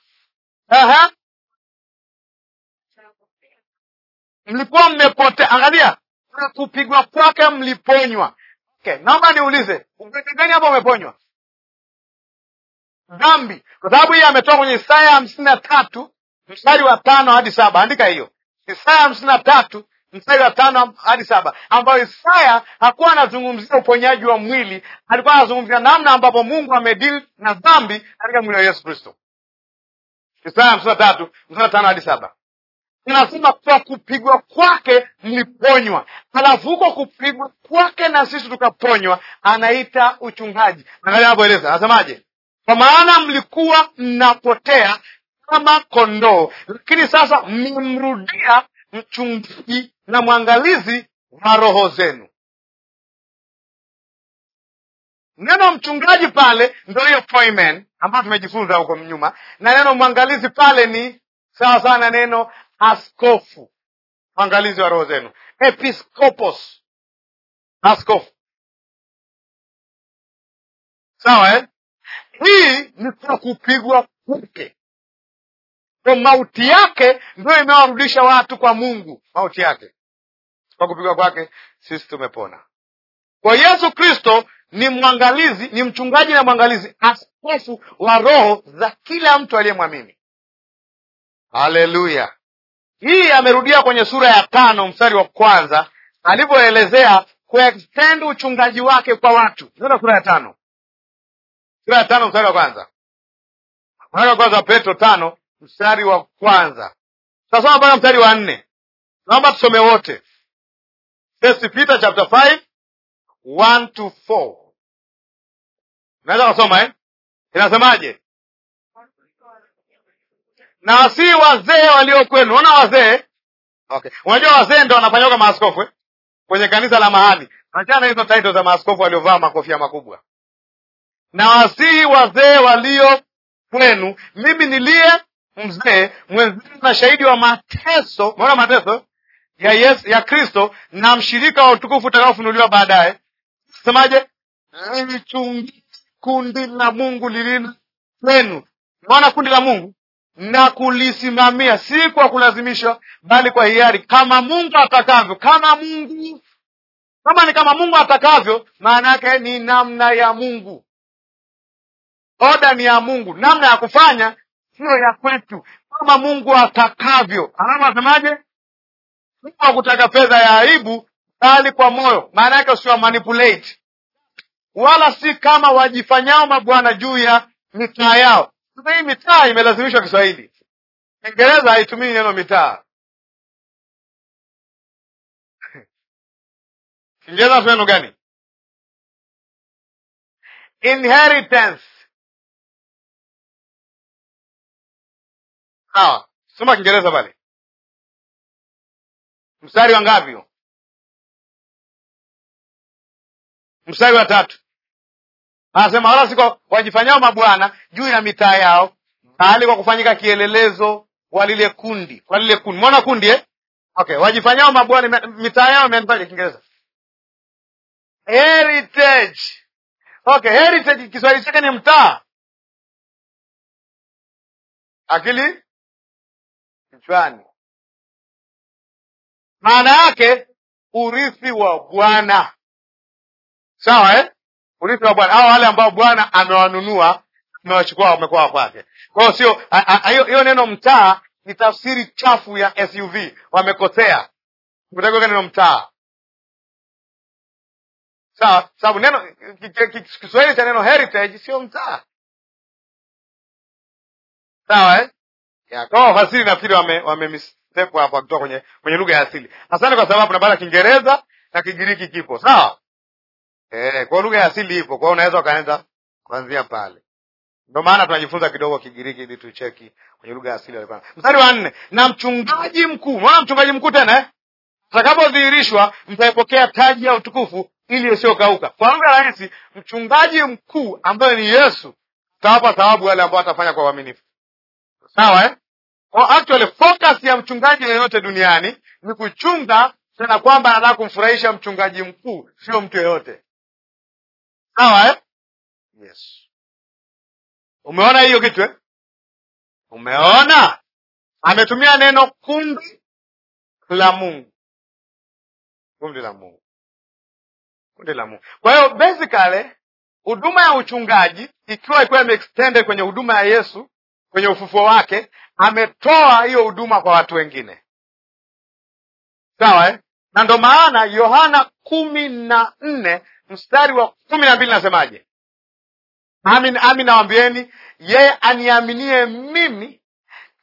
Aha. Mlikuwa mmepotea. Angalia. Kupigwa kwake mliponywa. Okay, naomba niulize, ugonjwa gani umeponywa? Dhambi. Kwa sababu yeye ametoka kwenye Isaya hamsini na tatu mstari wa tano hadi saba andika hiyo Isaya hamsini na tatu mstari wa tano hadi saba ambayo Isaya hakuwa anazungumzia uponyaji wa mwili, alikuwa anazungumzia namna ambapo Mungu amedili na dhambi katika mwili wa Yesu Kristo. Isaya hamsini na tatu mstari wa tano hadi saba inasema kwa kupigwa kwake mliponywa. alafu huko kupigwa kwake na sisi tukaponywa, anaita uchungaji. Angalia anapoeleza, anasemaje? Kwa maana mlikuwa mnapotea kama kondoo, lakini sasa mmemrudia mchungaji na mwangalizi wa roho zenu. Neno mchungaji pale ndo hiyo poimen ambayo tumejifunza huko nyuma, na neno mwangalizi pale ni sawa sawa na neno askofu, mwangalizi wa roho zenu, episkopos, askofu. Sawa eh? Hii ni kwa kupigwa kwake kwa mauti yake ndio imewarudisha watu kwa Mungu, mauti yake, kwa kupigwa kwake sisi tumepona. Kwa Yesu Kristo ni mwangalizi, ni mchungaji na mwangalizi, askofu wa roho za kila mtu aliyemwamini. Haleluya! Hii amerudia kwenye sura ya tano mstari wa kwanza alivyoelezea kuextend uchungaji wake kwa watu. Unaona sura ya tano, sura ya tano mstari wa kwanza, mstari wa kwanza Petro tano mstari wa kwanza. Tutasoma mpaka mstari wa nne. Naomba tusome wote. First Peter chapter 5 1 to 4. Unaweza kusoma eh? Inasemaje? Na si wazee walio kwenu. Unaona wazee? Okay. Unajua wazee ndo wanafanyoka maaskofu eh? Kwenye kanisa la mahali. Achana hizo title za maaskofu waliovaa makofia makubwa. Na wasihi wazee walio kwenu, mimi niliye mzee mwenzenu na shahidi wa mateso, maona mateso ya yes, ya Kristo na mshirika wa utukufu utakaofunuliwa baadaye. Semaje? lichungia kundi la Mungu lilina kwenu. Maona kundi la Mungu na kulisimamia, si kwa kulazimishwa, bali kwa hiari, kama Mungu atakavyo. Kama Mungu kama ni kama Mungu atakavyo, maana yake ni namna ya Mungu, oda ni ya Mungu, namna ya kufanya siyo ya kwetu, kama Mungu atakavyo. Alama asemaje? Sio kutaka fedha ya aibu, bali kwa moyo. Maana yake usiwa manipulate, wala si kama wajifanyao mabwana juu ya mitaa yao. Sasa hii mitaa imelazimishwa Kiswahili, Kiingereza haitumii neno mitaa. Kiingereza neno gani? Inheritance Sawa, soma Kiingereza pale, mstari wa ngapi huo? Mstari wa tatu anasema wala si wajifanyao mabwana juu ya mitaa yao, bali kwa kufanyika kielelezo kwa lile kundi, kwa lile kundi. mwana kundi eh? Okay, wajifanyao mabwana mitaa yao imeandikwaje Kiingereza? Heritage. Okay, heritage Kiswahili chake ni mtaa. Akili kichwani. Maana yake urithi wa Bwana, sawa eh? Urithi wa Bwana au wale ambao Bwana amewanunua amewachukua, wamekuwa kwake. Kwa hiyo sio hiyo, neno mtaa ni tafsiri chafu ya SUV, wamekosea kutaka neno mtaa sawa, sababu neno Kiswahili cha neno heritage sio mtaa, sawa eh? yako. Wafasiri nafikiri wame, wame hapo, wakitoa kwenye kwenye lugha ya asili. Asante kwa sababu nabana Kiingereza na Kigiriki kipo sawa, eh, kwa lugha ya asili ipo, kwa hiyo unaweza ukaanza kuanzia pale. Ndio maana tunajifunza kidogo Kigiriki ili tucheki kwenye lugha ya asili walikuwa. Mstari wa nne, na mchungaji mkuu, mwana mchungaji mkuu tena eh, mtakapodhihirishwa mtaipokea taji ya utukufu ili isiyokauka. Kwa lugha rahisi, mchungaji mkuu ambaye ni Yesu tawapa thawabu wale ambao atafanya kwa uaminifu sawa eh? Kwa actually focus ya mchungaji yeyote duniani ni kuchunga, tena kwamba anataka kumfurahisha mchungaji mkuu, sio mtu yeyote sawa eh? Yes, umeona hiyo kitu eh? Umeona ametumia neno kundi la Mungu, kundi la Mungu, kundi la Mungu. Kwa hiyo basically huduma ya uchungaji ikiwa ikiwa imeextended kwenye huduma ya Yesu kwenye ufufuo wake ametoa hiyo huduma kwa watu wengine, sawa eh? na ndo maana Yohana kumi na nne mstari wa kumi na mbili nasemaje? Amin, amin nawambieni, yeye aniaminie mimi,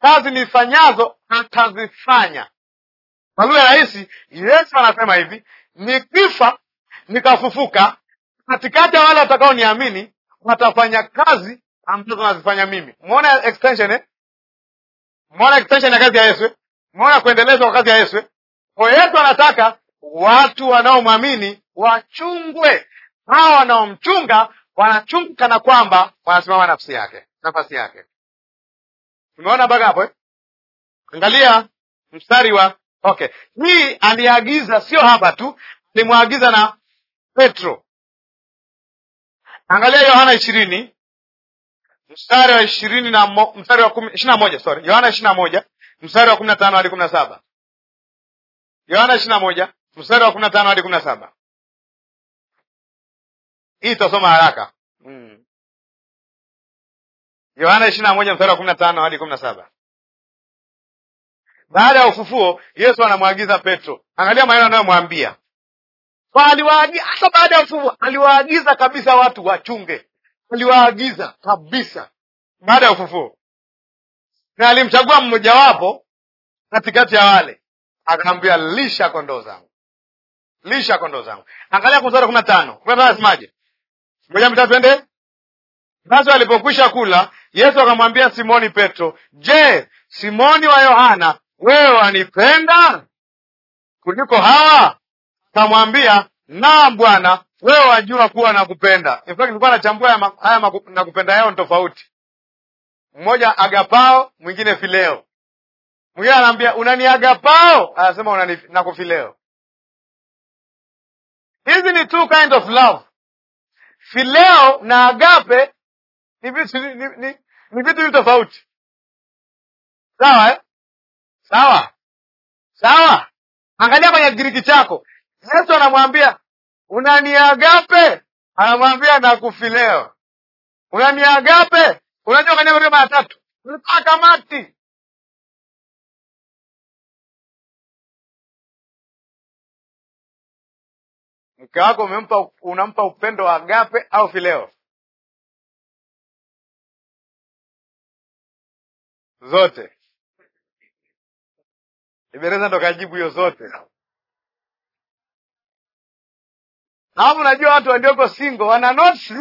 kazi nifanyazo atazifanya. Kwa lugha rahisi, Yesu anasema hivi, nikifa nikafufuka, katikati ya wale watakaoniamini watafanya kazi ambazo nazifanya mimi. Mwona extension eh? Mwona extension ya kazi ya Yesu eh? Mwona kuendelezwa kwa kazi ya Yesu eh? Kwa Yesu anataka watu wanaomwamini wachungwe. Hawa wanaomchunga wanachunga kana kwamba wanasimama nafsi yake, nafasi yake. Tumeona mpaka hapo eh? Angalia mstari wa okay, hii aliagiza, sio hapa tu, alimwagiza na Petro. Angalia Yohana ishirini mstari wa ishirini na mstari wa kumi ishirini na moja sorry Yohana ishirini na moja mstari wa kumi na tano hadi kumi na saba Yohana ishirini na moja mstari wa kumi na tano hadi kumi na saba Hii tutasoma haraka mm. Yohana ishirini na moja mstari wa kumi na tano hadi kumi na saba Baada ya ufufuo, Yesu anamwagiza Petro, angalia maneno anayomwambia aliwaagiza, hata baada ya ufufuo aliwaagiza kabisa watu wachunge aliwaagiza kabisa baada ya ufufuo, na alimchagua mmojawapo katikati ya wale, akaambia lisha kondoo zangu, lisha kondoo zangu. Angalia mstari kumi na tano, kumi na tano anasemaje? Moja mitatu, twende. Basi alipokwisha kula, Yesu akamwambia Simoni Petro, je, Simoni wa Yohana, wewe wanipenda kuliko hawa? Akamwambia, naam Bwana, wewe wajua kuwa nakupenda. In fact nilikuwa nachambua haya, haya nakupenda yao ni tofauti, mmoja agapao, mwingine fileo. Mwingine anaambia unaniagapao, anasema unani, nakufileo. Hizi ni two kind of love. Fileo na agape ni vitu ni, ni, ni vitu tofauti, sawa eh? Sawa sawa, angalia kwenye Kigiriki chako Yesu anamwambia unaniagape? Anamwambia nakufi leo, unaniagape? Unajua kaniagape mara tatu, ulikuwa kamati mke wako umempa, unampa upendo wa agape au fileo? Zote. Ibereza ndo kajibu hiyo zote. na najua unajua watu walioko single wana notes,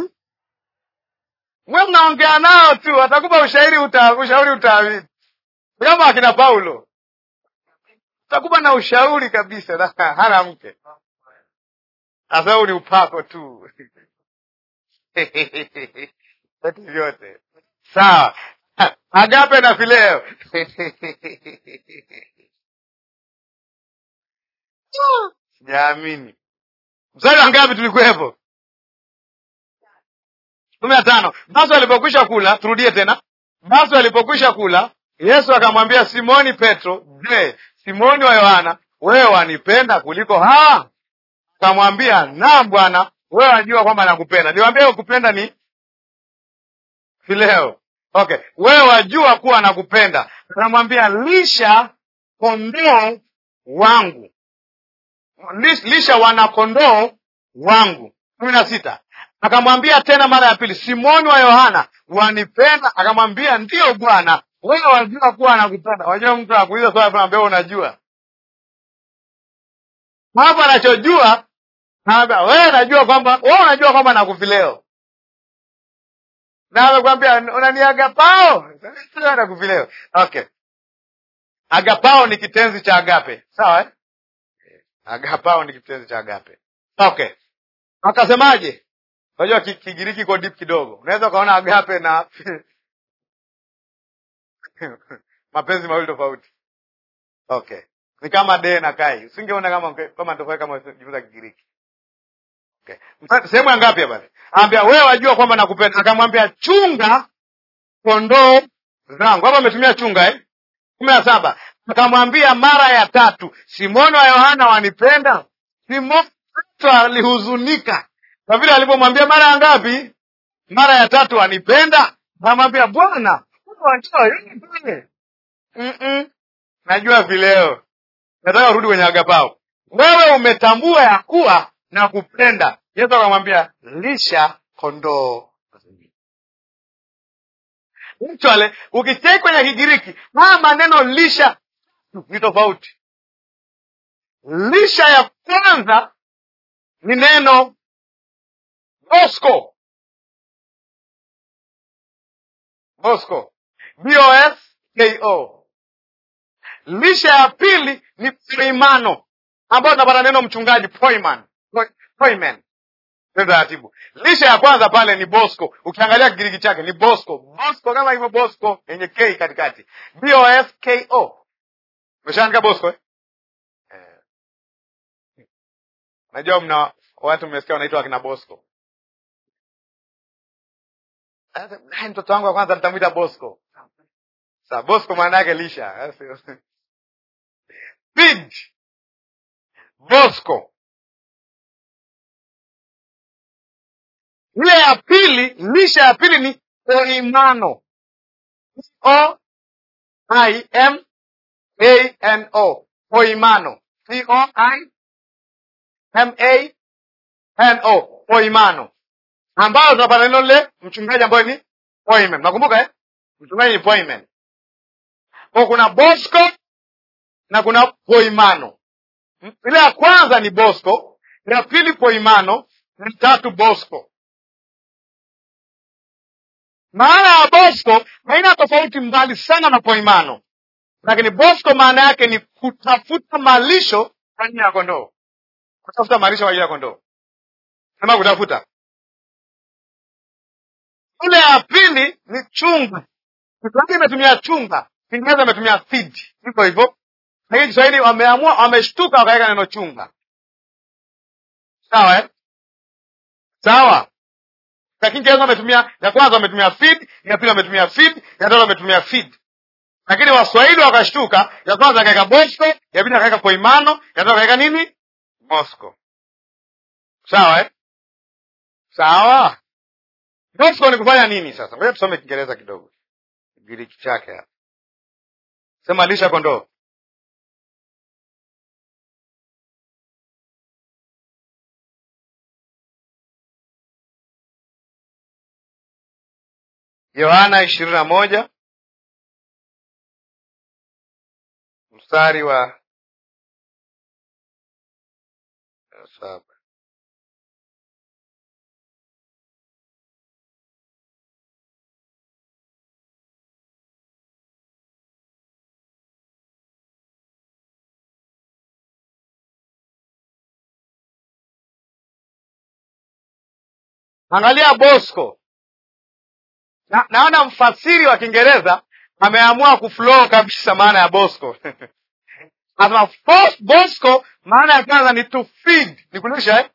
wewe unaongea nao tu, watakupa ushauri uta, ushauri utaamini kama akina Paulo utakupa na ushauri kabisa, hana mke sasa, ni upako tu ati vyote sawa, agape na fileo sijaamini mstari wa ngapi tulikuwepo? kumi na tano. Basi kula, turudie tena. Basi alipokwisha kula, Yesu akamwambia Simoni Petro, je, Simoni wa Yohana, wewe wanipenda kuliko hawa? Akamwambia, naam Bwana, wewe wajua kwamba nakupenda. Niwaambie kupenda ni fileo. Okay, wewe wajua kuwa nakupenda. Akamwambia, lisha kondoo wangu lisha wanakondoo wangu. kumi na sita akamwambia tena mara ya pili, Simoni wa Yohana, wanipenda? Akamwambia, ndiyo Bwana, wewe wajua kuwa anakupenda. Wajua mtu anakuuliza swali fulani, wewe unajua hapa anachojua wewe unajua kwamba wewe unajua kwamba nakufi leo, na amekwambia unaniagapao, nakufi leo. Okay, agapao ni kitenzi cha agape, sawa eh? Agapao ni kitenzi cha agape. Okay, akasemaje? Unajua Kigiriki iko deep kidogo, unaweza ukaona agape na mapenzi mawili tofauti. Okay, ni kama de na kai, usingeona kama kama tofauti kama jifunza Kigiriki. Okay, sehemu ya ngapi hapa? Ambia wewe wajua kwamba nakupenda, akamwambia chunga kondoo zangu. Hapa ametumia chunga eh? kumi na saba akamwambia mara ya tatu, Simoni wa Yohana wanipenda? Simoni Petro alihuzunika kwa vile alipomwambia mara ya ngapi? Mara ya tatu, wanipenda? Namwambia Bwana, unawajua Mm -mm. Najua vileo. Nataka urudi kwenye agapao. Wewe umetambua ya kuwa na kupenda. Yesu akamwambia lisha kondoo. Mtu ale ukicheki kwenye Kigiriki, haya maneno lisha ni tofauti. Lisha ya kwanza ni neno bosco, bosco, B-O-S-K-O. Lisha ya pili ni proimano, ambayo tunapata neno mchungaji proiman, proiman ndio taratibu. Lisha ya kwanza pale ni bosco, ukiangalia Kigiriki chake ni bosco, bosco kama hivyo, bosco yenye k katikati, B-O-S-K-O umeshaandika Bosco eh? Najua mna watu mmesikia wanaitwa akina Bosco. Mtoto wangu wa kwanza nitamwita Bosco. Sa Bosco maana yake lisha big Bosco. Ile ya pili, lisha ya pili ni oimano, o i m A N O Poimano C O I M A N O Poimano ambayo tunapata neno lile mchungaji ambayo ni ointment. Nakumbuka eh? Mchungaji ni ointment. Kwa kuna Bosco na kuna Poimano. Ile ya kwanza ni Bosco, ya pili Poimano, na tatu Bosco. Maana ya Bosco haina tofauti mbali sana na Poimano lakini bosco maana yake ni kutafuta malisho kwa ajili ya kondoo, kutafuta malisho kwa ajili ya kondoo, sema kutafuta. Shule ya pili ni chunga, Kiswahili imetumia chunga, Kiingereza imetumia feed, hivyo hivyo, lakini Kiswahili wameamua, wameshtuka, wakaweka neno chunga. Sawa eh? Sawa, lakini Kiingereza wametumia, ya kwanza wametumia feed, ya pili wametumia feed, ya tatu wametumia feed lakini Waswahili wakashtuka, ya kwanza akaweka Bosco, ya pili akaweka Koimano, ya tatu akaweka nini Mosco. Sawa eh? Sawa. Mosco ni kufanya nini sasa? Ngoja tusome Kiingereza kidogo, Kigiriki chake hapa, sema lisha kondoo Yohana ishirini na moja mstari wa saba Angalia Bosco na, naona mfasiri wa Kiingereza ameamua kuflow kabisa maana ya Bosco Anasema Bosco maana ya kwanza ni to feed, nikunisha eh?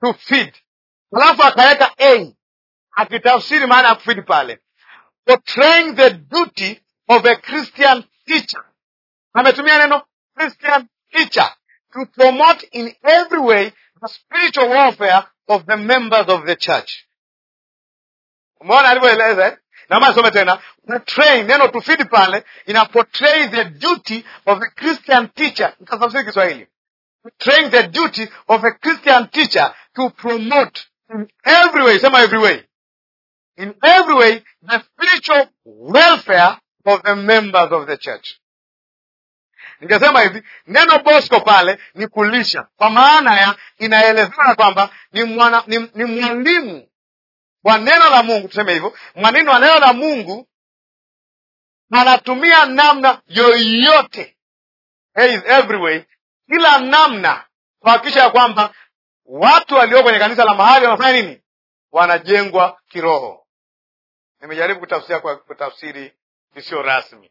to feed. Alafu akaweka a akitafsiri maana ya kufidi pale, portraying the duty of a Christian teacher. Ametumia neno Christian teacher to promote in every way the spiritual warfare of the members of the church. Umeona alivyoeleza eh? Naomba nisome tena, portray neno tufidi pale ina portray the duty of a Christian teacher. Nitatafsiri Kiswahili, portray the duty of a Christian teacher to promote in every way, sema every way, in every way the spiritual welfare of the members of the church. Ningesema hivi neno bosco pale ni kulisha, kwa maana ya inaelezana kwamba ni ni, ni mwalimu wa neno la Mungu, tuseme hivyo, mwaneno wa neno la Mungu anatumia namna yoyote, every way, kila namna kuhakikisha ya kwamba watu walio kwenye kanisa la mahali wanafanya nini? Wanajengwa kiroho. Nimejaribu kutafsiria kwa kutafsiri isiyo rasmi.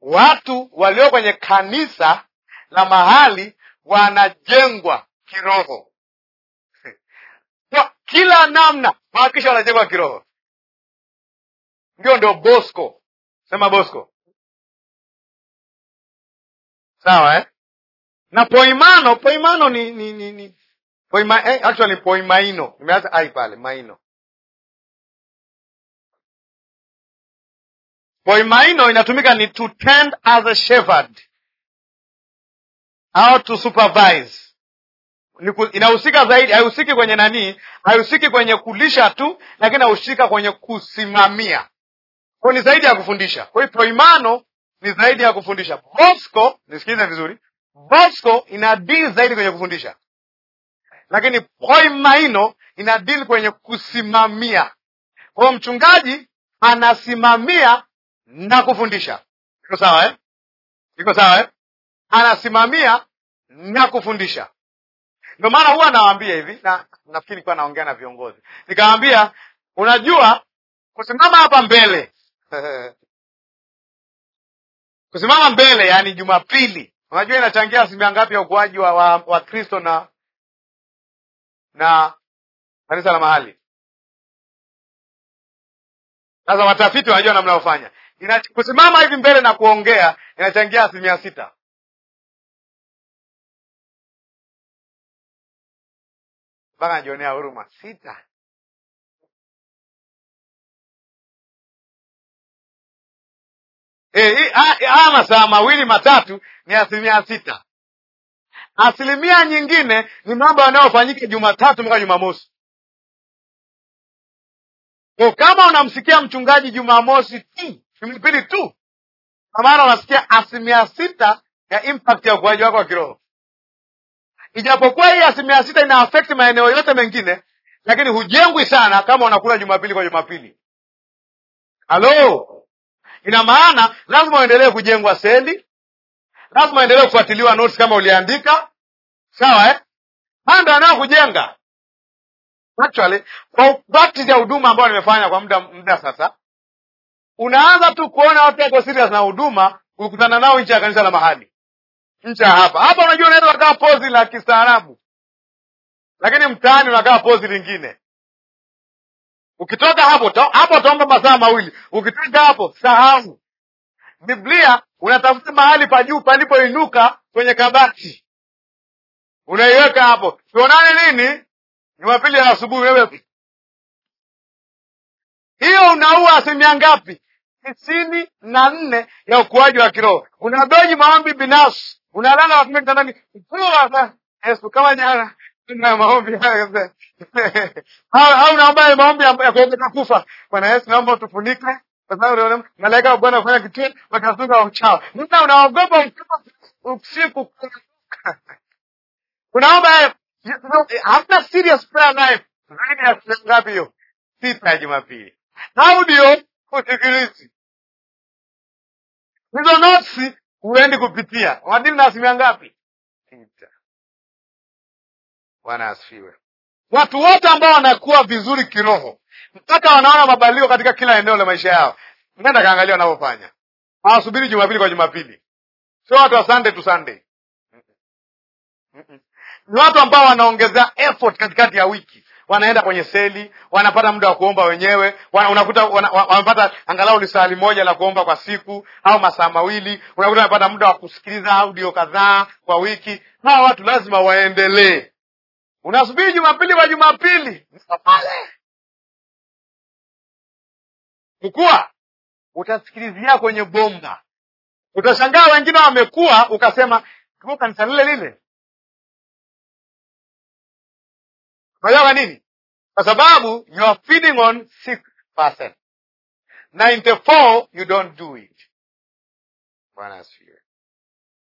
Watu walio kwenye kanisa la mahali wanajengwa kiroho kwa kila namna, maakisha wanajengwa kiroho. Ndio, ndio Bosco, sema Bosco, sawa eh? na poimano, poimano ni ni ni, ni. Poima, eh, actually poimaino, nimeanza ai pale maino. Poimaino inatumika ni to tend as a shepherd au to supervise inahusika zaidi, haihusiki kwenye nani, haihusiki kwenye kulisha tu, lakini inahusika kwenye kusimamia. Kwa ni zaidi ya kufundisha. Kwa hiyo proimano ni zaidi ya kufundisha. Bosco, nisikilize vizuri, Bosco ina deal zaidi kwenye kufundisha, lakini proimaino ina deal kwenye kusimamia. Kwa hiyo mchungaji anasimamia na kufundisha. Iko sawa eh? Iko sawa eh? Anasimamia na kufundisha ndio maana huwa nawaambia hivi, na nafikiri nilikuwa naongea na viongozi nikawaambia, unajua kusimama hapa mbele kusimama mbele, yani Jumapili, unajua inachangia asilimia ngapi ya ukuaji wa, wa Kristo na na kanisa la mahali? Sasa watafiti wanajua namna ufanya, kusimama hivi mbele na kuongea inachangia asilimia sita. mpaka njionea huruma sita E, masaa mawili matatu ni asilimia sita. Asilimia nyingine ni mambo yanayofanyika Jumatatu mpaka Jumamosi. Kwa kama unamsikia mchungaji Jumamosi tu Jumapili tu, kwa maana unasikia asilimia sita ya impact ya ukuaji wako wa kiroho. Ijapokuwa hii asilimia sita ina affect maeneo yote mengine, lakini hujengwi sana kama unakula Jumapili kwa Jumapili. Halo, ina maana lazima uendelee kujengwa seli, lazima uendelee kufuatiliwa notes kama uliandika, sawa eh? Haya ndio kujenga actually, kwa practice ya huduma ambayo nimefanya kwa muda muda sasa, unaanza tu kuona watu wako serious na huduma, ukutana nao nje ya kanisa la mahali ncha hapa hapa. Unajua, unaweza ukakaa pozi la kistaarabu, lakini mtaani unakaa pozi lingine. Ukitoka hapo to, hapo utaomba masaa mawili, ukitoka hapo sahau Biblia. Unatafuta mahali pa juu palipoinuka kwenye kabati, unaiweka hapo. Tuonane nini Jumapili ya asubuhi? Wewe hiyo unaua asilimia ngapi? tisini na nne ya ukuaji wa kiroho. Unadoji maombi binafsi unalala watu wengi sana sasa Yesu kama jana na maombi haya au naomba maombi ya kuweza kufa Bwana Yesu naomba utufunike kwa sababu unaona malaika wa Bwana wanafanya kitu wakasunga uchao sasa unaogopa usiku unaomba hamna serious prayer life zaidi ya siku ngapi hiyo sita ya Jumapili au ndio usikilizi hizo nafsi huendi kupitia unadili na asilimia ngapi? Sita. Bwana asifiwe. Watu wote ambao wanakuwa vizuri kiroho mpaka wanaona mabadiliko katika kila eneo la maisha yao, nenda kaangalia wanavyofanya. Hawasubiri Jumapili kwa Jumapili, sio watu wa Sunday to Sunday. Ni watu ambao wanaongezea effort katikati ya wiki, wanaenda kwenye seli, wanapata muda wa kuomba wenyewe, unakuta wamepata angalau lisali moja la kuomba kwa siku au masaa mawili, unakuta wanapata muda wa kusikiliza audio kadhaa kwa wiki. Hawa watu lazima waendelee. Unasubiri Jumapili kwa Jumapili pale kukua, utasikilizia kwenye bomba, utashangaa wengine wamekuwa, ukasema kanisa lile lile Unajua nini? Kwa sababu you are feeding on sick person. 94 you don't do it. Bwana asifiwe.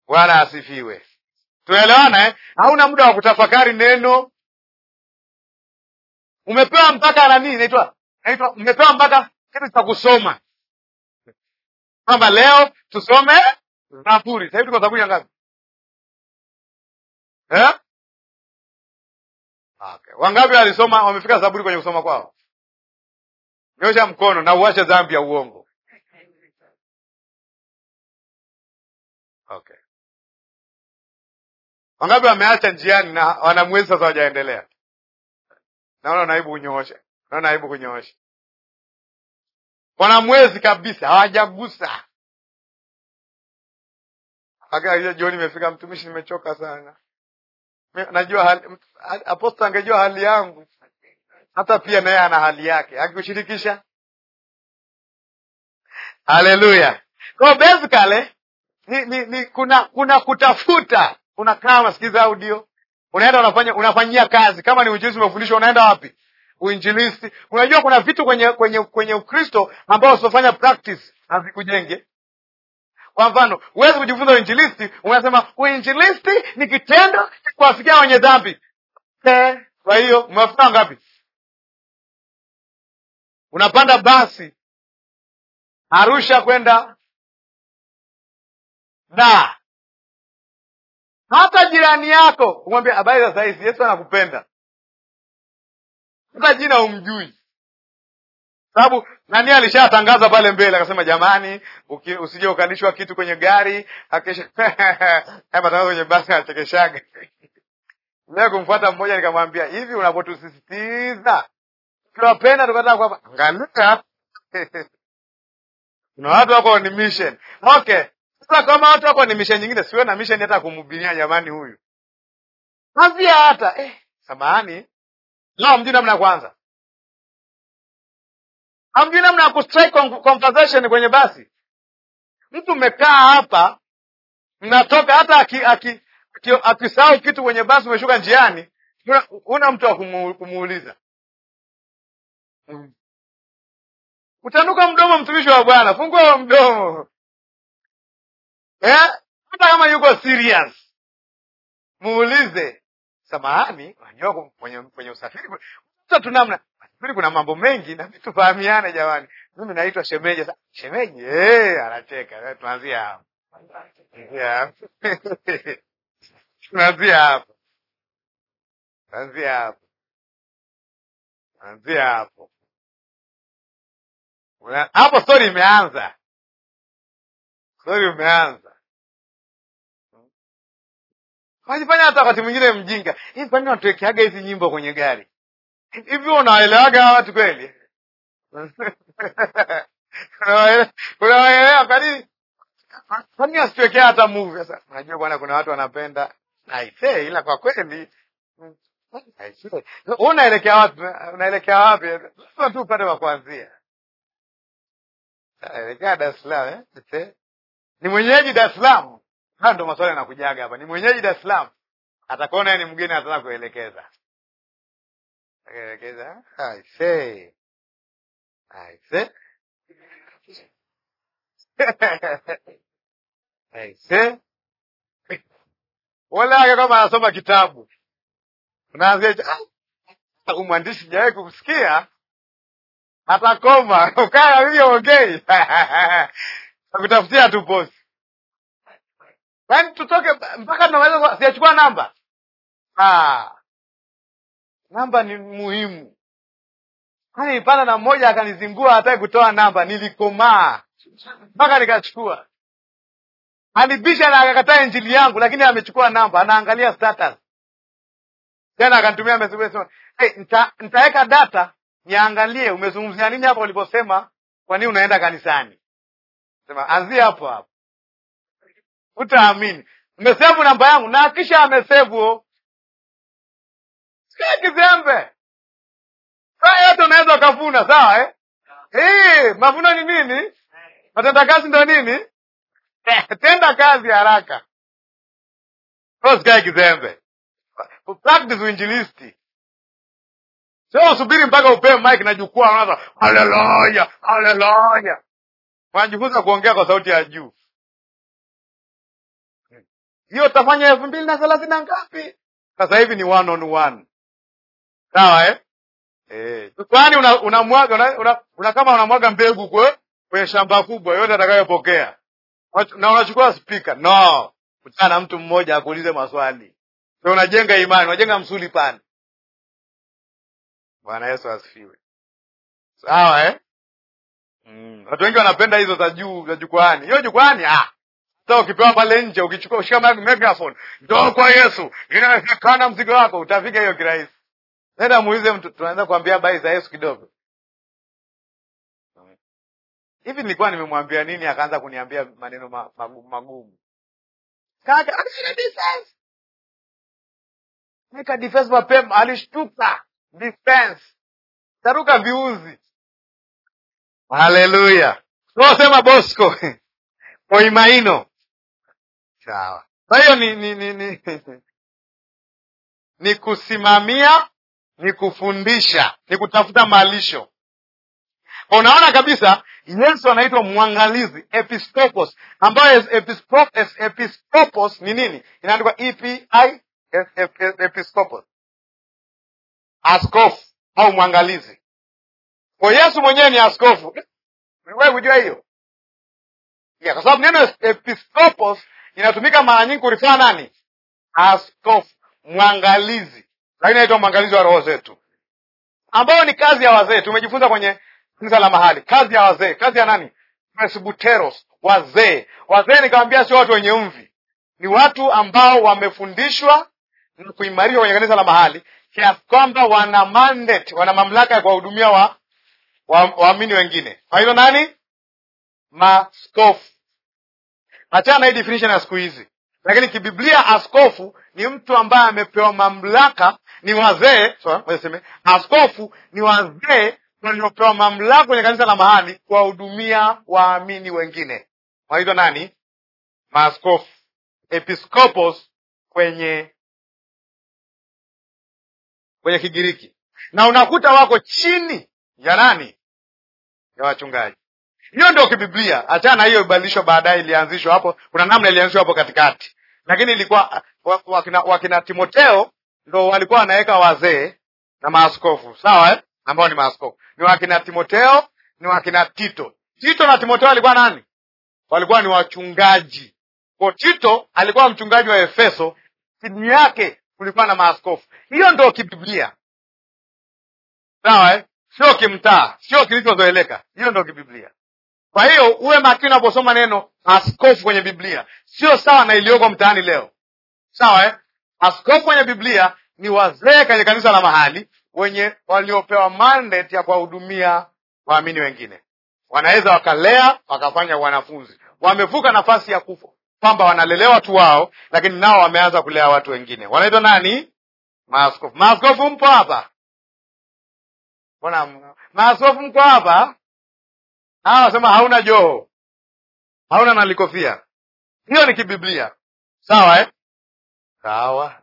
Bwana asifiwe. Tuelewane, eh? Hauna muda wa kutafakari neno. Umepewa mpaka na nini inaitwa? Inaitwa umepewa mpaka kitu cha kusoma. Kwamba leo tusome Zaburi. Sasa hivi tuko Zaburi ya ngapi? Eh? Okay. Wangapi walisoma wamefika Zaburi kwenye kusoma kwao? Nyosha mkono na uache dhambi ya uongo. Okay. Wangapi wameacha njiani na wanamwezi sasa wajaendelea? Naona naibu kunyoosha. Naona naibu kunyoosha. Wanamwezi kabisa hawajagusa. Akaja jioni, imefika mtumishi, nimechoka sana najua hali, apostol angejua hali yangu, hata pia naye ana hali yake, akikushirikisha. Haleluya! Kwa basically ni, ni, ni kuna kuna kutafuta, unakaa unasikiza audio, unaenda unafanya unafanyia kazi. Kama ni uinjilisti umefundishwa, unaenda wapi? Uinjilisti. Unajua kuna vitu kwenye kwenye kwenye Ukristo ambao usipofanya practice havikujenge kwa mfano, huwezi kujifunza uinjilisti, unasema uinjilisti ni kitendo cha kuwafikia wenye dhambi. Kwa hiyo umewafikia wangapi? Unapanda basi Arusha kwenda na hata jirani yako umwambia habari za saizi, Yesu anakupenda, hata jina umjui sababu nani alishatangaza pale mbele, akasema jamani, usije ukalishwa kitu kwenye gari. Haya matangazo kwenye basi achekeshaga Mimi kumfuata mmoja, nikamwambia hivi, unapotusisitiza tunapenda tukataa kwamba angalia, kuna watu wako ni mission. Okay, sasa kama watu wako ni mission nyingine, siwe na mission hata kumhubiria jamani, huyu avia hata eh, samahani lao mjui namna ya kwanza Hamjui namna ya kustrike conversation kwenye basi. Mtu mmekaa hapa, mnatoka hata akisahau aki, aki, aki kitu kwenye basi, umeshuka njiani, huna mtu wa kumuuliza. Utanuka mdomo, mtumishi wa Bwana, fungua mdomo eh? Hata kama yuko serious, muulize samahani, wajua kwenye usafiri namna Kwani kuna mambo mengi na vitu fahamiane jamani. Mimi naitwa shemeji sasa. Shemeji eh, anacheka. Eh, Tuanzia hapo. Yeah. Tuanzia hapo. Tuanzia hapo. Tuanzia hapo. Hapo stori imeanza. Stori imeanza. Wajifanya hata wakati mwingine mjinga. Hii kwani watuwekeaga hizi nyimbo kwenye gari? hivyo unaelewaga hawa watu kweli? unawaelewa? Kwanini kwanini wasituwekea hata movie? Sasa unajua bwana, kuna watu wanapenda naisee, ila kwa kweli unaelekea wapi? Unaelekea wapi? Lazima tu upate wa kuanzia. Naelekea Dar es Salaam eh? Ni mwenyeji Dar es Salaam. Haya ndio maswali yanakujaga hapa. Ni mwenyeji Dar es Salaam, atakuona ni mgeni, ataanza kuelekeza Akaelekeza I aise, Wala walake kama anasoma kitabu. Unaanzia huyu mwandishi, sijawahi kumsikia hata koma ukaya mimi ongei nakutafutia tu bosi, yaani tutoke mpaka tunaweza siyachukua namba ah namba ni muhimu. Kwani nilipanda na mmoja akanizingua, hataki kutoa namba, nilikomaa mpaka nikachukua. Alibisha na akakataa injili yangu, lakini amechukua namba, anaangalia status. Tena akanitumia message sema, hey, nita, nitaweka data niangalie umezungumzia nini hapo uliposema kwa nini unaenda kanisani. Sema anzia hapo hapo, utaamini. mesevu namba yangu na akisha amesevu Kaa kizembe, saa yote unaweza ukavuna, sawa eh? Hey, mavuno ni nini? Matenda kazi ndo nini? Tenda kazi haraka, sikae kizembe, practice uinjilisti, sio usubiri mpaka upewe mike na jukwaa, unaanza haleluya, haleluya. Wanajifunza kuongea kwa sauti ya juu. Hiyo utafanya elfu mbili na thelathini na ngapi? Sasa hivi ni one on one sawa eh? Eh, kwani unamwaga una, una, una, una kama unamwaga mbegu kwe kwenye shamba kubwa, yote atakayopokea na unachukua spika no, kutana mtu mmoja akuulize maswali, so unajenga imani, unajenga msuli pana. Bwana Yesu asifiwe, sawa eh? Mm, watu wengi wanapenda hizo za juu za jukwani, Hiyo jukwani ah sasa ukipewa pale nje, ukichukua ushika microphone, ndio kwa Yesu, inawezekana mzigo wako utafika hiyo kirahisi. Nenda muulize mtu, tunaweza kuambia habari za Yesu kidogo. Hivi nilikuwa nimemwambia nini akaanza kuniambia maneno magumu magumu. Kaka defense. Nika defense mapema alishtuka defense. Taruka viuzi. Haleluya. Sio sema Bosco. Oimaino. Sawa. Kwa hiyo ni ni ni, ni, ni kusimamia ni kufundisha, ni kutafuta malisho. Unaona kabisa Yesu anaitwa mwangalizi, episkopos, ambayo episkopos ni nini? Inaandikwa epi episkopos, askofu au mwangalizi. Kwa Yesu mwenyewe ni askofu. Wewe kujua hiyo ya, kwa sababu neno episkopos inatumika mara nyingi kurifaa nani? Askofu, mwangalizi lakini naitwa mwangalizi wa roho zetu, ambayo ni kazi ya wazee. Tumejifunza kwenye kanisa la mahali, kazi ya wazee. Kazi ya nani? Presbuteros, wazee. Wazee nikawambia sio watu wenye mvi, ni watu ambao wamefundishwa na kuimarishwa kwenye kanisa la mahali kiasi kwamba wana mandate, wana mamlaka ya kuwahudumia wa waamini wa wengine. Kwa hilo nani? Maskofu. Achana na hii definition ya siku hizi, lakini kibiblia askofu ni mtu ambaye amepewa mamlaka, ni wazee seme, askofu ni wazee waliopewa mamlaka kwenye kanisa la mahali kuwahudumia waamini wengine, wanaitwa nani? Maaskofu, episkopos kwenye kwenye Kigiriki, na unakuta wako chini ya nani? Ya wachungaji. Hiyo ndio kibiblia. Achana na hiyo ibadilishwa baadaye, ilianzishwa hapo, kuna namna ilianzishwa hapo katikati, lakini ilikuwa wakina, wakina Timoteo ndo walikuwa wanaweka wazee na maaskofu sawa, eh? ambao ni maaskofu ni wakina Timoteo, ni wakina Tito. Tito na Timoteo alikuwa nani? Walikuwa ni wachungaji. Kwa Tito alikuwa mchungaji wa Efeso, chini yake kulikuwa na maaskofu. Hiyo ndo kibiblia sawa, eh? Sio kimtaa, sio kilichozoeleka. Hiyo ndo kibiblia. Kwa hiyo uwe makini unaposoma neno askofu kwenye Biblia, sio sawa na iliyoko mtaani leo, sawa eh? Askofu kwenye Biblia ni wazee kwenye kanisa la mahali wenye waliopewa mandate ya kuwahudumia waamini wengine, wanaweza wakalea wakafanya wanafunzi, wamevuka nafasi ya kufa kwamba wanalelea watu wao, lakini nao wameanza kulea watu wengine. Wanaitwa nani? Maaskofu. Maaskofu mpo hapa? Mbona maaskofu mko hapa? hawa ah, wasema hauna joho, hauna nalikofia. Hiyo ni kibiblia, sawa eh? Sawa,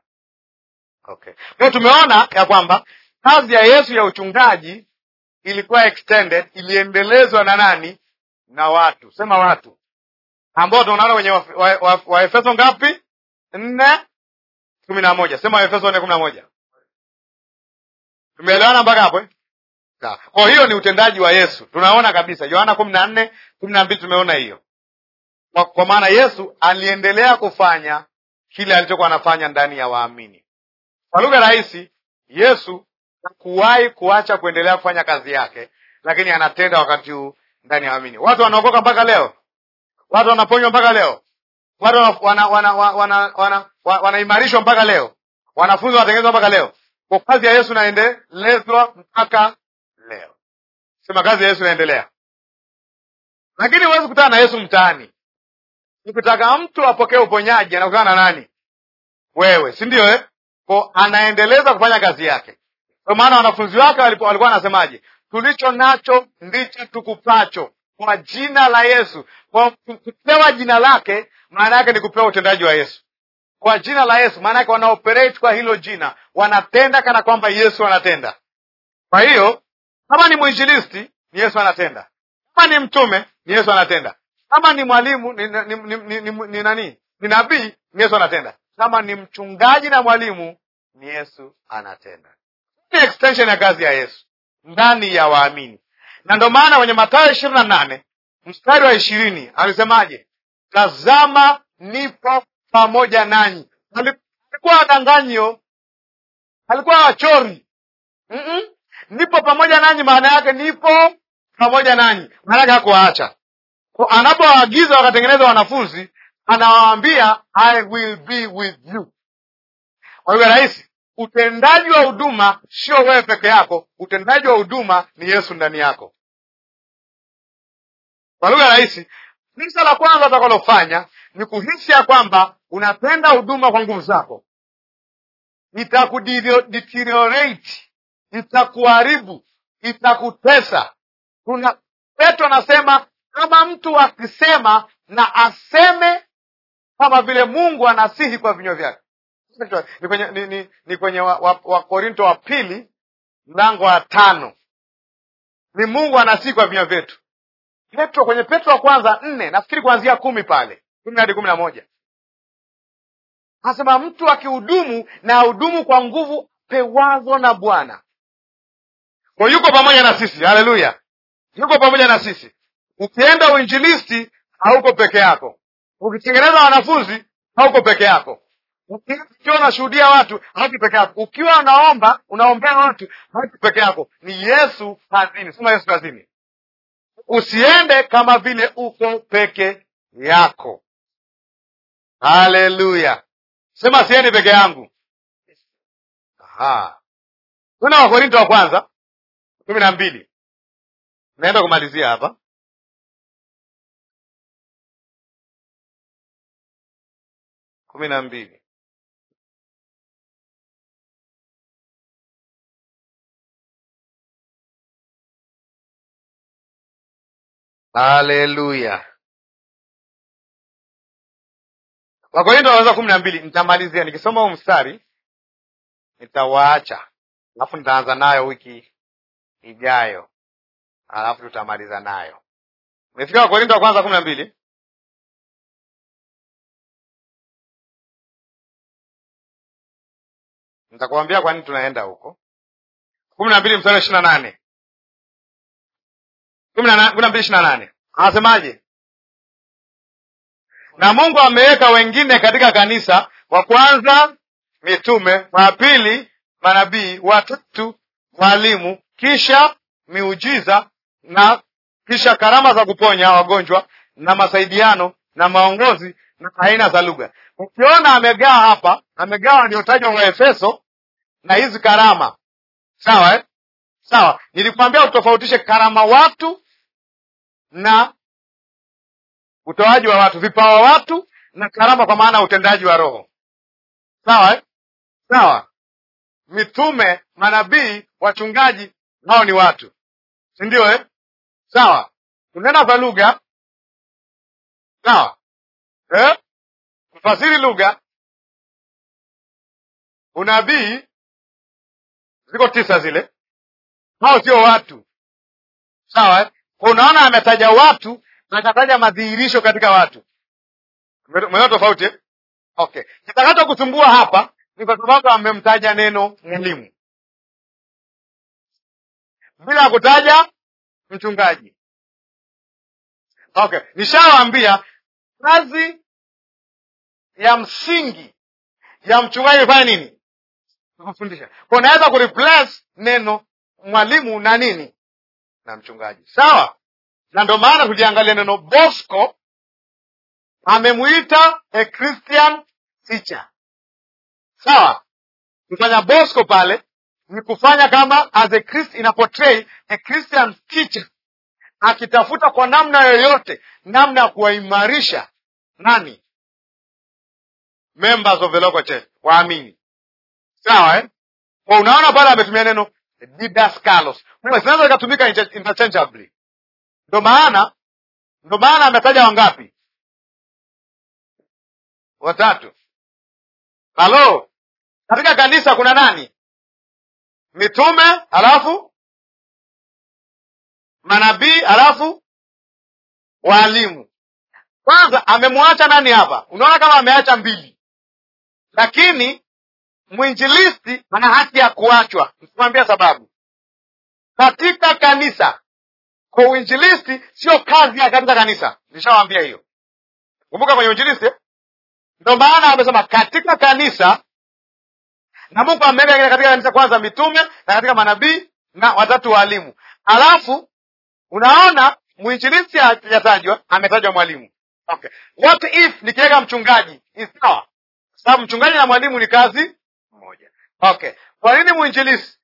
okay. Kwa tumeona ya kwamba kazi ya Yesu ya uchungaji ilikuwa extended, iliendelezwa na nani? Na watu, sema watu ambao tunaona wenye Waefeso ngapi? nne kumi na moja. Sema Waefeso nne kumi na moja. Tumeelewana mpaka hapo eh? Sawa. Kwa oh, hiyo ni utendaji wa Yesu tunaona kabisa, Yohana kumi na nne kumi na mbili tumeona hiyo kwa, kwa maana Yesu aliendelea kufanya kile alichokuwa anafanya ndani ya waamini. Kwa lugha rahisi, Yesu hakuwahi kuacha kuendelea kufanya kazi yake, lakini anatenda wakati huu ndani ya waamini. Watu wanaokoka mpaka leo, watu wanaponywa mpaka leo, watu wanaimarishwa wana, wana, wana, wana, wana mpaka leo, wanafunzi wanatengenezwa mpaka leo, kwa kazi ya Yesu naendelezwa mpaka sema kazi ya Yesu inaendelea, lakini huwezi kutana na Yesu mtaani. Nikutaka mtu apokee uponyaji, anakutana na nani? Wewe, si ndio eh? Kwa anaendeleza kufanya kazi yake. Kwa maana wanafunzi wake walikuwa wanasemaje? Tulicho nacho ndicho tukupacho kwa jina la Yesu. Kwa kupewa jina lake, maana yake ni kupewa utendaji wa Yesu kwa jina la Yesu. Maana yake wanaoperate kwa hilo jina, wanatenda kana kwamba Yesu anatenda. Kwa hiyo kama ni mwinjilisti ni Yesu anatenda, kama ni mtume ni Yesu anatenda, kama ni mwalimu ni, ni, ni, ni, ni, ni nani ni nabii ni Yesu anatenda, kama ni mchungaji na mwalimu ni Yesu anatenda. Ni extension ya kazi ya Yesu ndani ya waamini, na ndio maana kwenye Mathayo ishirini na nane mstari wa ishirini alisemaje? Tazama nipo pamoja nanyi. Alikuwa wadanganyio alikuwa wachori mm -mm nipo pamoja nanyi, maana yake nipo pamoja nanyi, maana yake hakuwaacha. Anapowaagiza wakatengeneza wanafunzi, anawaambia I will be with you. Kwa hiyo rahisi, utendaji wa huduma sio wewe peke yako, utendaji wa huduma ni Yesu ndani yako. Kwa lugha rahisi, kosa la kwanza utakalofanya ni kuhisi ya kwamba unapenda huduma kwa nguvu zako, itakudiriorate itakuharibu, itakutesa. Kuna Petro anasema kama mtu akisema na aseme kama vile Mungu anasihi kwa vinywa vyake. Ni kwenye, ni, ni, ni kwenye Wakorinto wa, wa, wa pili mlango wa tano. Ni Mungu anasihi kwa vinywa vyetu. Petro kwenye Petro wa kwanza nne nafikiri kuanzia kumi pale kumi hadi kumi na moja anasema mtu akihudumu na ahudumu kwa nguvu pewazo na Bwana kwa yuko pamoja na sisi, haleluya, yuko pamoja na sisi. Ukienda uinjilisti, hauko peke yako. Ukitengeneza wanafunzi, hauko peke yako. Ukiwa unashuhudia watu, haki peke yako. Ukiwa unaomba, unaombea watu, haki peke yako. Ni Yesu kazini, sema Yesu kazini. Usiende kama vile uko peke yako. Haleluya, sema siendi peke yangu. tuna Wakorinto wa kwanza kumi na mbili naenda kumalizia hapa. kumi na mbili Haleluya. wakorinto wanaweza kumi na mbili. Nitamalizia nikisoma huu mstari, nitawaacha alafu nitaanza nayo wiki ijayo, alafu tutamaliza nayo. Umefika Wakorintho wa kwanza kumi na mbili. Nitakuambia kwa nini tunaenda huko. kumi na mbili mstari wa ishirini na nane kumi na mbili ishirini na nane anasemaje? Na Mungu ameweka wengine katika kanisa, wa kwanza mitume, wa pili manabii, wa tatu walimu, kisha miujiza na kisha karama za kuponya wagonjwa na masaidiano na maongozi na aina za lugha. Ukiona amegawa hapa, amegawa waliotajwa wa Efeso na hizi karama, sawa eh? Sawa, nilikwambia utofautishe karama watu na utoaji wa watu, vipawa watu na karama, kwa maana utendaji wa Roho, sawa eh? Sawa, mitume, manabii, wachungaji nao ni watu, si ndio eh? Sawa, kunena kwa lugha sawa, eh? kufasiri lugha, unabii, ziko tisa zile, hao sio watu sawa eh? unaona ametaja watu na akataja madhihirisho katika watu, umeona tofauti eh? Okay, kitakacho kusumbua hapa ni kwa sababu amemtaja neno mwalimu bila kutaja mchungaji. Okay, nishawaambia kazi ya msingi ya mchungaji fanya nini? Kufundisha. Kwa naweza kureplace neno mwalimu na nini na mchungaji, sawa? Na ndio maana tuliangalia neno Bosco amemuita a Christian teacher, sawa? Mfanya Bosco pale ni kufanya kama as a Christ ina portray a Christian teacher, akitafuta kwa namna yoyote namna ya kuwaimarisha nani members of the local church waamini, sawa eh? Kwa unaona pale ametumia neno didaskalos, zinaweza zikatumika interchangeably. Ndo maana ndio maana ametaja wangapi? Watatu. Halo, katika kanisa kuna nani? mitume, halafu manabii, halafu waalimu. Kwanza amemwacha nani hapa? Unaona kama ameacha mbili, lakini mwinjilisti ana haki ya kuachwa. Nisimwambia sababu katika kanisa kwa uinjilisti sio kazi ya katika kanisa, nishawambia hiyo. Kumbuka kwenye uinjilisti, ndio maana amesema katika kanisa na Mungu ameweka katika kanisa kwanza mitume na katika manabii na watatu waalimu. Alafu unaona mwinjilisti hajatajwa, ametajwa mwalimu. Okay, what if nikiweka mchungaji is sawa, sababu mchungaji na mwalimu ni kazi moja. Okay, kwa nini mwinjilisti?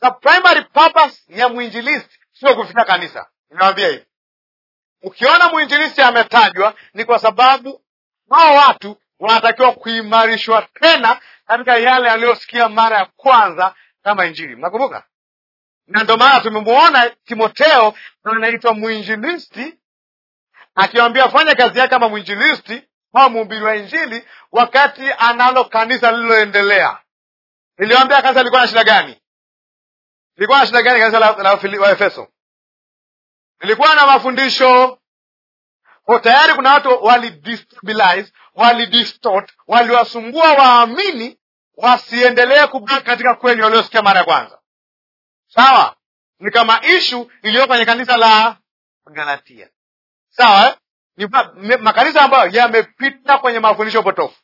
The primary purpose ya mwinjilisti sio kufika kanisa. Ninawaambia hivi, ukiona mwinjilisti ametajwa ni kwa sababu hao watu wanatakiwa kuimarishwa tena katika yale aliyosikia mara ya kwanza kama Injili. Mnakumbuka? Na ndio maana tumemwona timoteo anaitwa mwinjilisti, akiwambia fanya kazi yake kama mwinjilisti au mhubiri wa Injili, wakati analo kanisa lililoendelea. iliwambia kanisa lilikuwa na shida gani? likuwa na shida gani kanisa la, la, la efeso ilikuwa na mafundisho tayari, kuna watu walidestabilize walidistort, waliwasumbua waamini wasiendelee kubaki katika kweli waliosikia mara ya kwanza. Sawa, ni kama ishu iliyo kwenye kanisa la Galatia. Sawa eh? ni makanisa ambayo yamepita kwenye mafundisho potofu.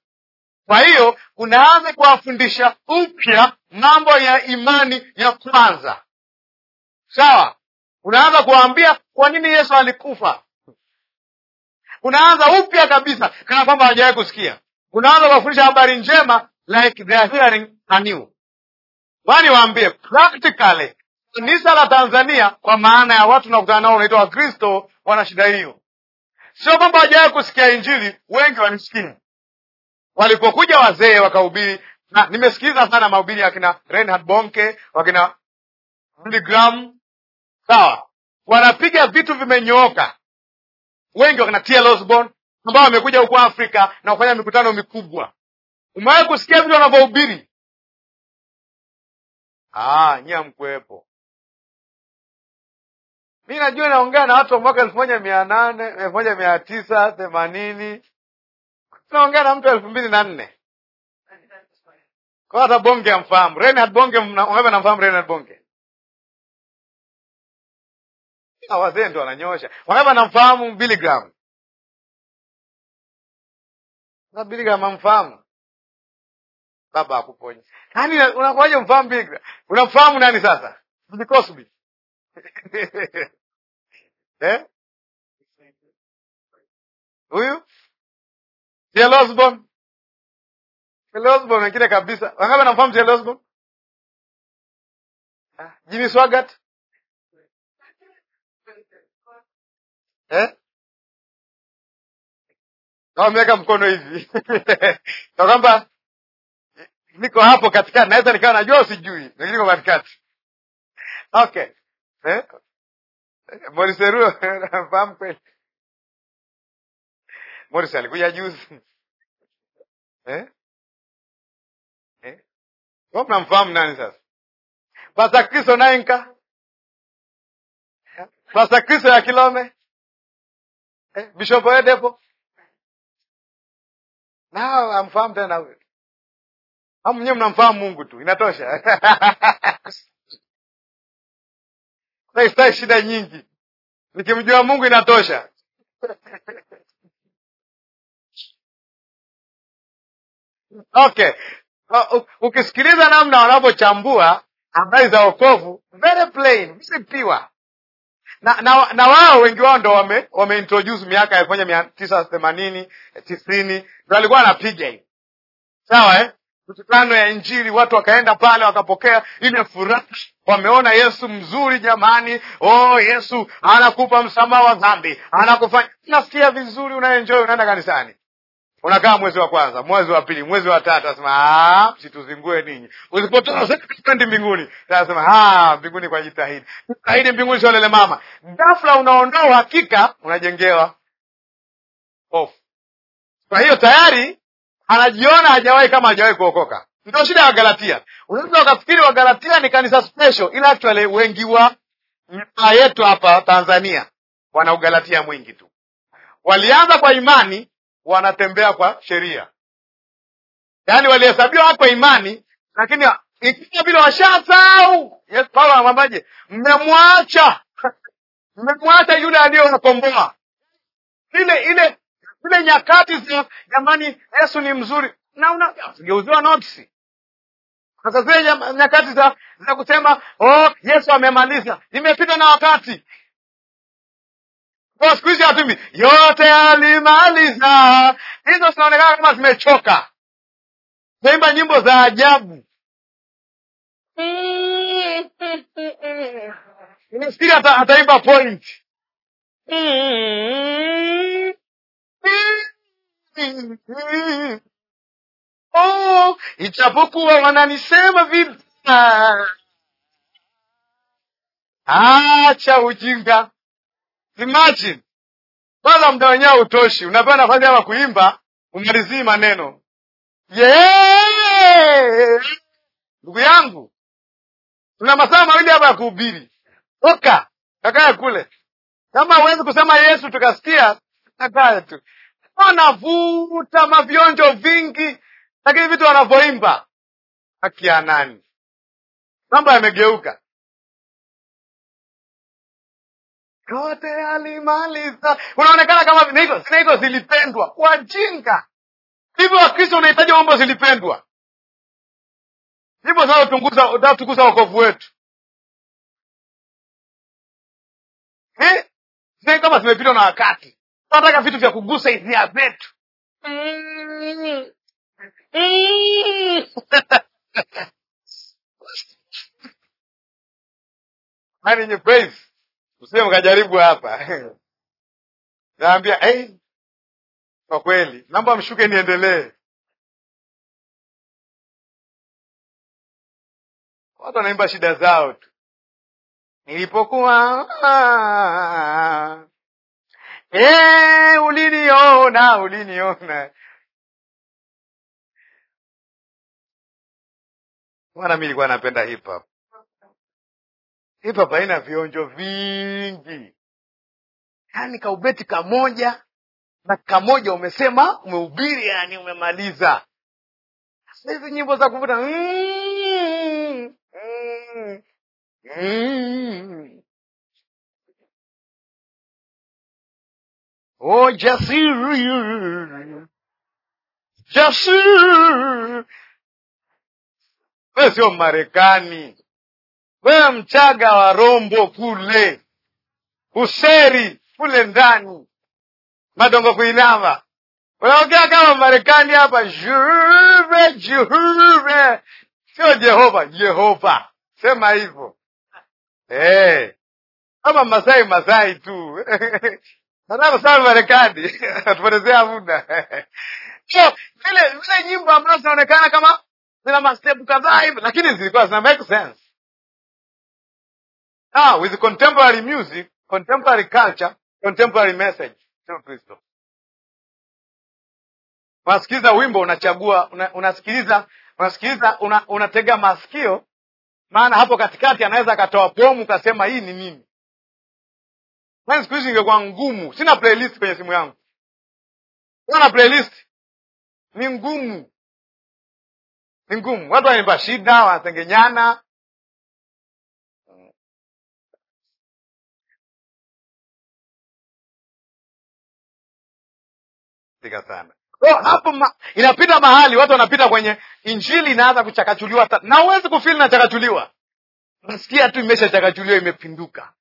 Kwa hiyo kunaanza kuwafundisha upya mambo ya imani ya kwanza. Sawa, unaanza kuwaambia kwa nini Yesu alikufa, unaanza upya kabisa, kana kwamba hajawahi kusikia. Unaanza kuwafundisha habari njema like they are hearing anew. Wani waambie practically, kanisa la Tanzania kwa maana ya watu nakutana nao unaitwa Wakristo, wana shida hiyo. Sio kwamba hawajawahi kusikia Injili, wengi wanisikia walipokuja wazee wakahubiri, na nimesikiliza sana mahubiri ya kina Reinhard Bonke wakina Billy Graham, sawa, wanapiga vitu vimenyooka wengi wakina T.L. Osborne ambao wamekuja huko Afrika na kufanya mikutano mikubwa. Umewahi kusikia vile wanavyohubiri? Ah, nyie hamkuwepo. Mi najua naongea na watu wa mwaka elfu moja mia nane elfu moja mia tisa themanini tunaongea na mtu elfu mbili na nne kwa hata Bonge amfahamu Reinhard Bonge, namfahamu Reinhard Bonge wazee ndo wananyosha, wanaa namfahamu Billy na Billy amfahamu baba akuponya nani? Unakuwaje mfahamu Billy Unamfahamu nani sasa? Bill eh, huyu T.L. Osborne, wengine kabisa, wangapi wanamfahamu T.L. Osborne? Ah, Jimmy Swaggart eh? Kama mkono hivi na kwamba niko hapo katikati, naweza nikawa najua usijui, lakini niko katikati. Okay, eh? Moriseru namfahamu kweli. Morisi alikuja juzi eh? eh? Mnamfahamu nani sasa? pasa Kristo Nainka, pasa Kristo ya Kilome eh, Bishop Oyedepo na amfahamu tena huyo, Hamu nyewe mnamfahamu Mungu tu inatosha. Stai shida nyingi, nikimjua Mungu inatosha. Okay, ukisikiliza namna wanavyochambua habari za wokovu, very plain, msipiwa na, na, na wao wengi wao ndo wame, introduce miaka ya elfu moja mia tisa themanini tisini ndo alikuwa anapiga hivi sawa eh? mikutano ya Injili, watu wakaenda pale wakapokea ile furaha, wameona Yesu mzuri jamani. Oh, Yesu anakupa msamaha wa dhambi, anakufanya unasikia vizuri, unaenjoy, unaenda kanisani unakaa mwezi wa kwanza, mwezi wa pili, mwezi wa tatu, anasema ah, situzingue ninyi, usipotoa ah. sendi mbinguni. Anasema ah, mbinguni kwa jitahidi jitahidi, mbinguni sio lele mama. Ghafla unaondoa uhakika, unajengewa hofu. Kwa hiyo tayari anajiona hajawahi kama hajawahi kuokoka. Ndio shida ya Wagalatia. Unaweza ukafikiri Wagalatia ni kanisa special, ila actually wengi wa mtaa yetu hapa Tanzania wana ugalatia mwingi tu. Walianza kwa imani wanatembea kwa sheria, yaani walihesabiwa hapo imani, lakini ikiwa vile washasahau. Yesu Paulo anamwambaje? Mmemwacha, mmemwacha yule aliyowakomboa. Ile ile zile nyakati za jamani, Yesu ni mzuri na unageuziwa notisi sasa zile nyakati za, za kusema oh, Yesu amemaliza, imepita na wakati. Kwa siku hizi hatumi yote alimaliza. Hizo zinaonekana kama zimechoka, naimba nyimbo za ajabu. Nafikiri ataimba point Oh, wananisema vibaya, acha ujinga Imagine kwanza, muda wenyewe utoshi, unapewa nafasi hapa kuimba umalizii maneno yeah! Ndugu yangu, tuna masaa mawili hapa ya kuhubiri, toka kakae kule. Kama huwezi kusema Yesu tukasikia, kakae tu. Wanavuta mavionjo vingi, lakini vitu wanavyoimba haki ya nani? Mambo yamegeuka. yote alimaliza. Unaonekana kama zinaitwa zinaitwa zilipendwa, jinga. hivyo. Wakristo unahitaji mambo zilipendwa, hivyo zinatukuza wokovu wetu eh? kama zimepitwa na wakati. Tunataka vitu vya kugusa hisia zetu mm. mm usije mkajaribu hapa naambia eh, kwa kweli namba mshuke niendelee. Watu wanaimba shida zao tu. Nilipokuwa eh, uliniona uliniona Bwana, mi nilikuwa napenda hip hop hapa paina vionjo vingi, yaani kaubeti kamoja na kamoja umesema umehubiri, yani umemaliza. Sasa hizi nyimbo za kuvuta mm, mm, mm. Oh, jasiri jasiri, we sio Marekani wewe mchaga wa Rombo kule, useri kule ndani, madongo kuinama, unaongea kama Marekani hapa. jure jure sio Jehova, Jehova sema hivyo hey. Eh. Kama Masai, Masai tu sana Marekani atupotezea muda vile nyimbo ambazo zinaonekana kama zina mastepu kadhaa hivo lakini zilikuwa zina make sense ah, with contemporary music, contemporary culture, contemporary message, sio Kristo. Unasikiliza wimbo, unachagua, una, unasikiliza, unasikiliza, una, unatega masikio, maana hapo katikati anaweza akatoa bomu kasema hii ni nini. Mimi siku hizi ingekuwa ngumu, sina playlist kwenye simu yangu. Sina playlist. Ni ngumu. Ni ngumu. Watu wanaimba shida, wanatengenyana, katika sana. Kwa hapo ma, inapita mahali watu wanapita kwenye injili inaanza kuchakachuliwa na uwezi kufili na chakachuliwa. Nasikia tu chakachuliwa imepinduka.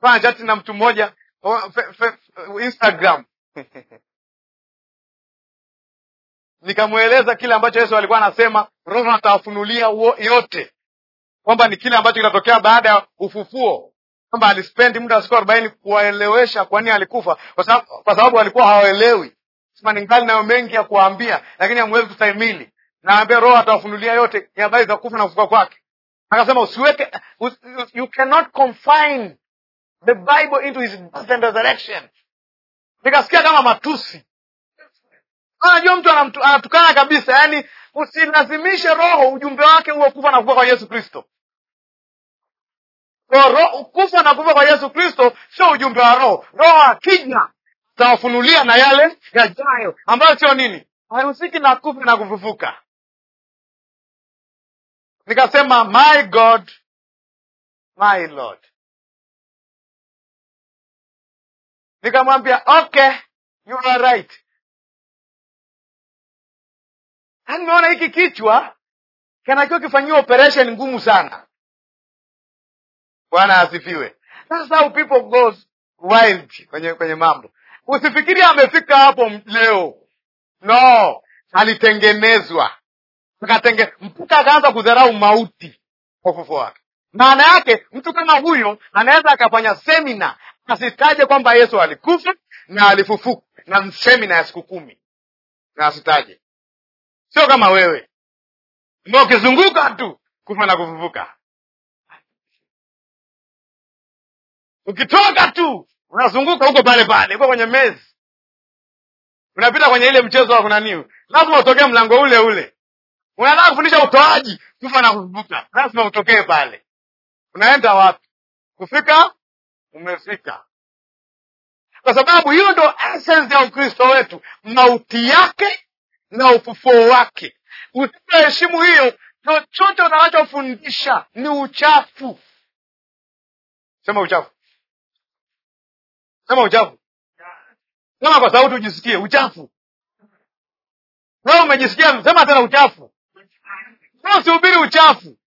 Fanya chati na mtu mmoja Instagram. Nikamweleza kile ambacho Yesu alikuwa anasema Roho atawafunulia yote, kwamba ni kile ambacho kinatokea baada ya ufufuo kwamba alispendi muda wa siku arobaini kuwaelewesha kwa nini alikufa, kwa sababu kwa sababu walikuwa hawaelewi. Sema ningali nayo mengi ya kuwaambia, lakini hamwezi kustahimili. Naambia Roho atawafunulia yote ya habari za kufa na kufuka kwake. Akasema usiweke you cannot confine the Bible into his death and resurrection. Nikasikia kama matusi, Anajua mtu anatukana kabisa, yani usilazimishe Roho ujumbe wake huo kufa na kufuka kwa Yesu Kristo kufa na kufa kwa Yesu Kristo sio ujumbe wa roho. Roho akija tawafunulia na yale yajayo, ambayo sio nini, haihusiki na kufa na kufufuka. Nikasema my God my Lord, nikamwambia okay, you are right. Yaani, nimeona hiki kichwa kanakiwa kifanyiwa operation ngumu sana Bwana asifiwe. Sasa people goes wild kwenye kwenye mambo. Usifikiri amefika hapo leo, no, alitengenezwa akatenge mpuka akaanza kudharau mauti kwa ufufuo wake. Maana yake mtu kama huyo anaweza akafanya semina asitaje kwamba Yesu alikufa na alifufuka na semina ya siku kumi na asitaje, sio kama wewe ma ukizunguka tu kufa na kufufuka ukitoka tu unazunguka huko pale pale, uko kwenye mezi, unapita kwenye ile mchezo wa kunaniu, lazima utokee mlango ule ule. Unataka kufundisha utoaji, kufa na kuvuka, lazima utokee pale. Unaenda wapi? Kufika umefika, kwa sababu hiyo ndo essence ya Ukristo wetu, mauti yake na ufufuo wake. Usipoheshimu hiyo, chochote unachofundisha ni uchafu. Sema uchafu sema uchafu, sema kwa sauti ujisikie uchafu. Wewe umejisikia, sema tena uchafu. Wewe usihubiri uchafu.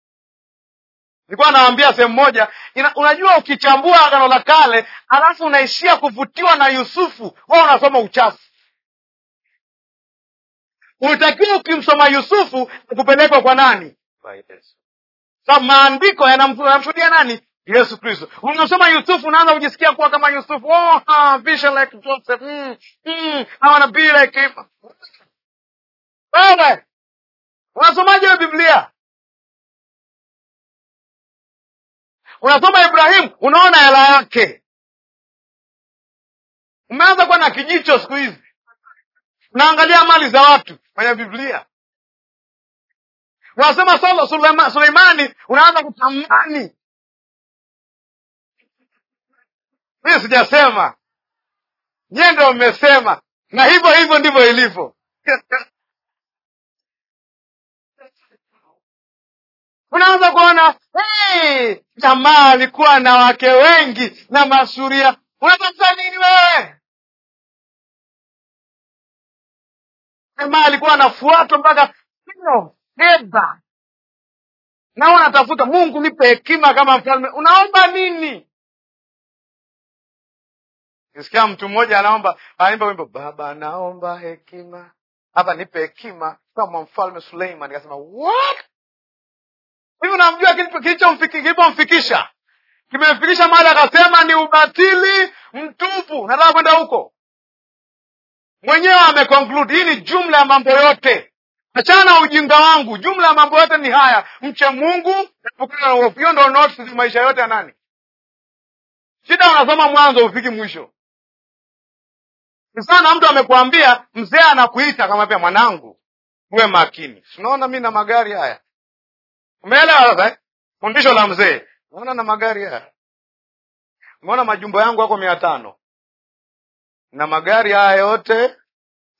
Nilikuwa naambia sehemu moja ina, unajua ukichambua Agano la Kale alafu unaishia kuvutiwa na Yusufu, wewe unasoma uchafu. Unatakiwa ukimsoma Yusufu kupelekwa kwa nani? Sababu maandiko yanamshuhudia nani? Yesu Kristo. Unasoma Yusufu, unaanza kujisikia kuwa kama Yusufu. Oh, vision like Joseph. Mm, mm, I wanna be like him. Wewe unasomaje Biblia? Unasoma Ibrahimu, unaona hela yake. Umeanza kuwa na kijicho siku hizi, unaangalia mali za watu kwenye Biblia. Unasoma Solo Suleimani, unaanza kutamani mimi sijasema, nyie ndo mmesema, na hivyo hivyo ndivyo ilivyo. Unaanza kuona hey, jamaa alikuwa na wake wengi na masuria. Unatafuta nini wewe? Jamaa alikuwa anafuatwa mpaka sio heba, na unatafuta Mungu nipe hekima kama mfalme. Unaomba nini? Nisikia mtu mmoja anaomba, anaimba wimbo, Baba naomba hekima, hapa nipe hekima kama mfalme Suleiman. Nikasema what hivi, namjua kilipomfikisha, kimemfikisha mahali akasema ni ubatili mtupu, nataka kwenda huko mwenyewe. Ameconclude hii ni jumla ya mambo yote, achana ujinga wangu, jumla ya mambo yote ni haya, mche Mungu, epukana na hofu. Hiyo ndo notes maisha yote ya nani? Shida unasoma mwanzo, ufiki mwisho ni sana mtu amekuambia mzee anakuita akamwambia mwanangu uwe makini unaona mi na magari haya umeelewa sasa eh? fundisho la mzee unaona na magari haya umeona majumba yangu yako mia tano na magari haya yote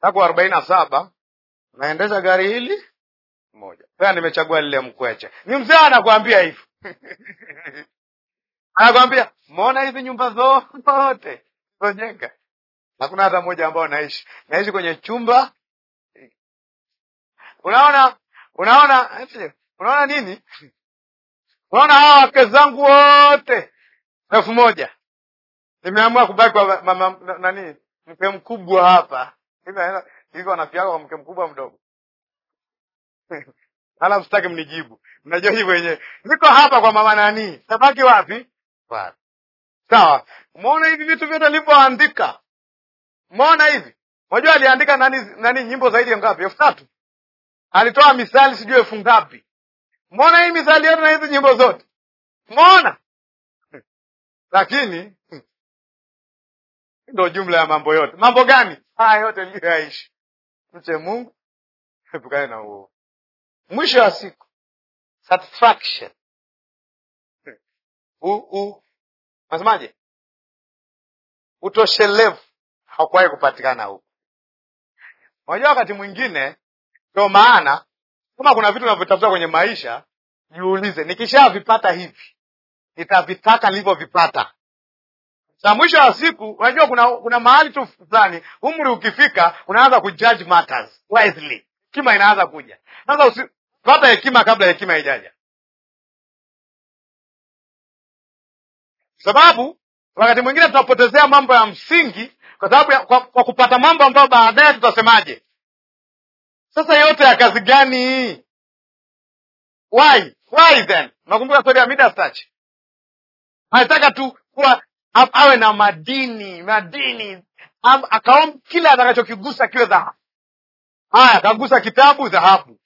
yako arobaini na saba naendesha gari hili moja pea, nimechagua lile mkweche ni mzee anakuambia hivo anakuambia mona hizi nyumba zote zojenga hakuna hata mmoja ambao naishi naishi kwenye chumba. Unaona, unaona, unaona nini? Unaona, hawa wake zangu wote elfu moja nimeamua kubaki kwa mama nani, mke mkubwa hapa hivyo, anafiaka kwa mke mkubwa mdogo hala, mstaki mnijibu, mnajua hivyo wenyewe. Niko hapa kwa mama nani, tabaki wapi? Sawa, umeona hivi vitu vyote alivyoandika Umeona hivi? Unajua aliandika nani nani nyimbo zaidi ya ngapi? Elfu tatu. Alitoa misali sijui elfu ngapi. Umeona hii misali yote na hizi nyimbo zote. Umeona? Lakini ndio jumla ya mambo yote. Mambo gani? Haya yote yaishi Mche Mungu, epukane na uo Mwisho wa siku satisfaction u u nasemaje? Utoshelevu hakuwahi kupatikana huko. Unajua, wakati mwingine, ndio maana kama kuna vitu unavyotafuta kwenye maisha, jiulize, nikishavipata hivi nitavitaka nilivyovipata sa mwisho wa siku. Unajua, kuna kuna mahali tu fulani, umri ukifika, unaanza kujudge matters wisely, hekima inaanza kuja sasa. Usipata hekima kabla hekima haijaja, sababu wakati mwingine tunapotezea mambo ya msingi kwa sababu kwa, kwa kupata mambo ambayo baadaye tutasemaje sasa yote ya kazi gani hii why why then unakumbuka stori ya midastach anataka tu kuwa awe na madini madini akaom kila atakachokigusa kiwe dhahabu haya kagusa kitabu dhahabu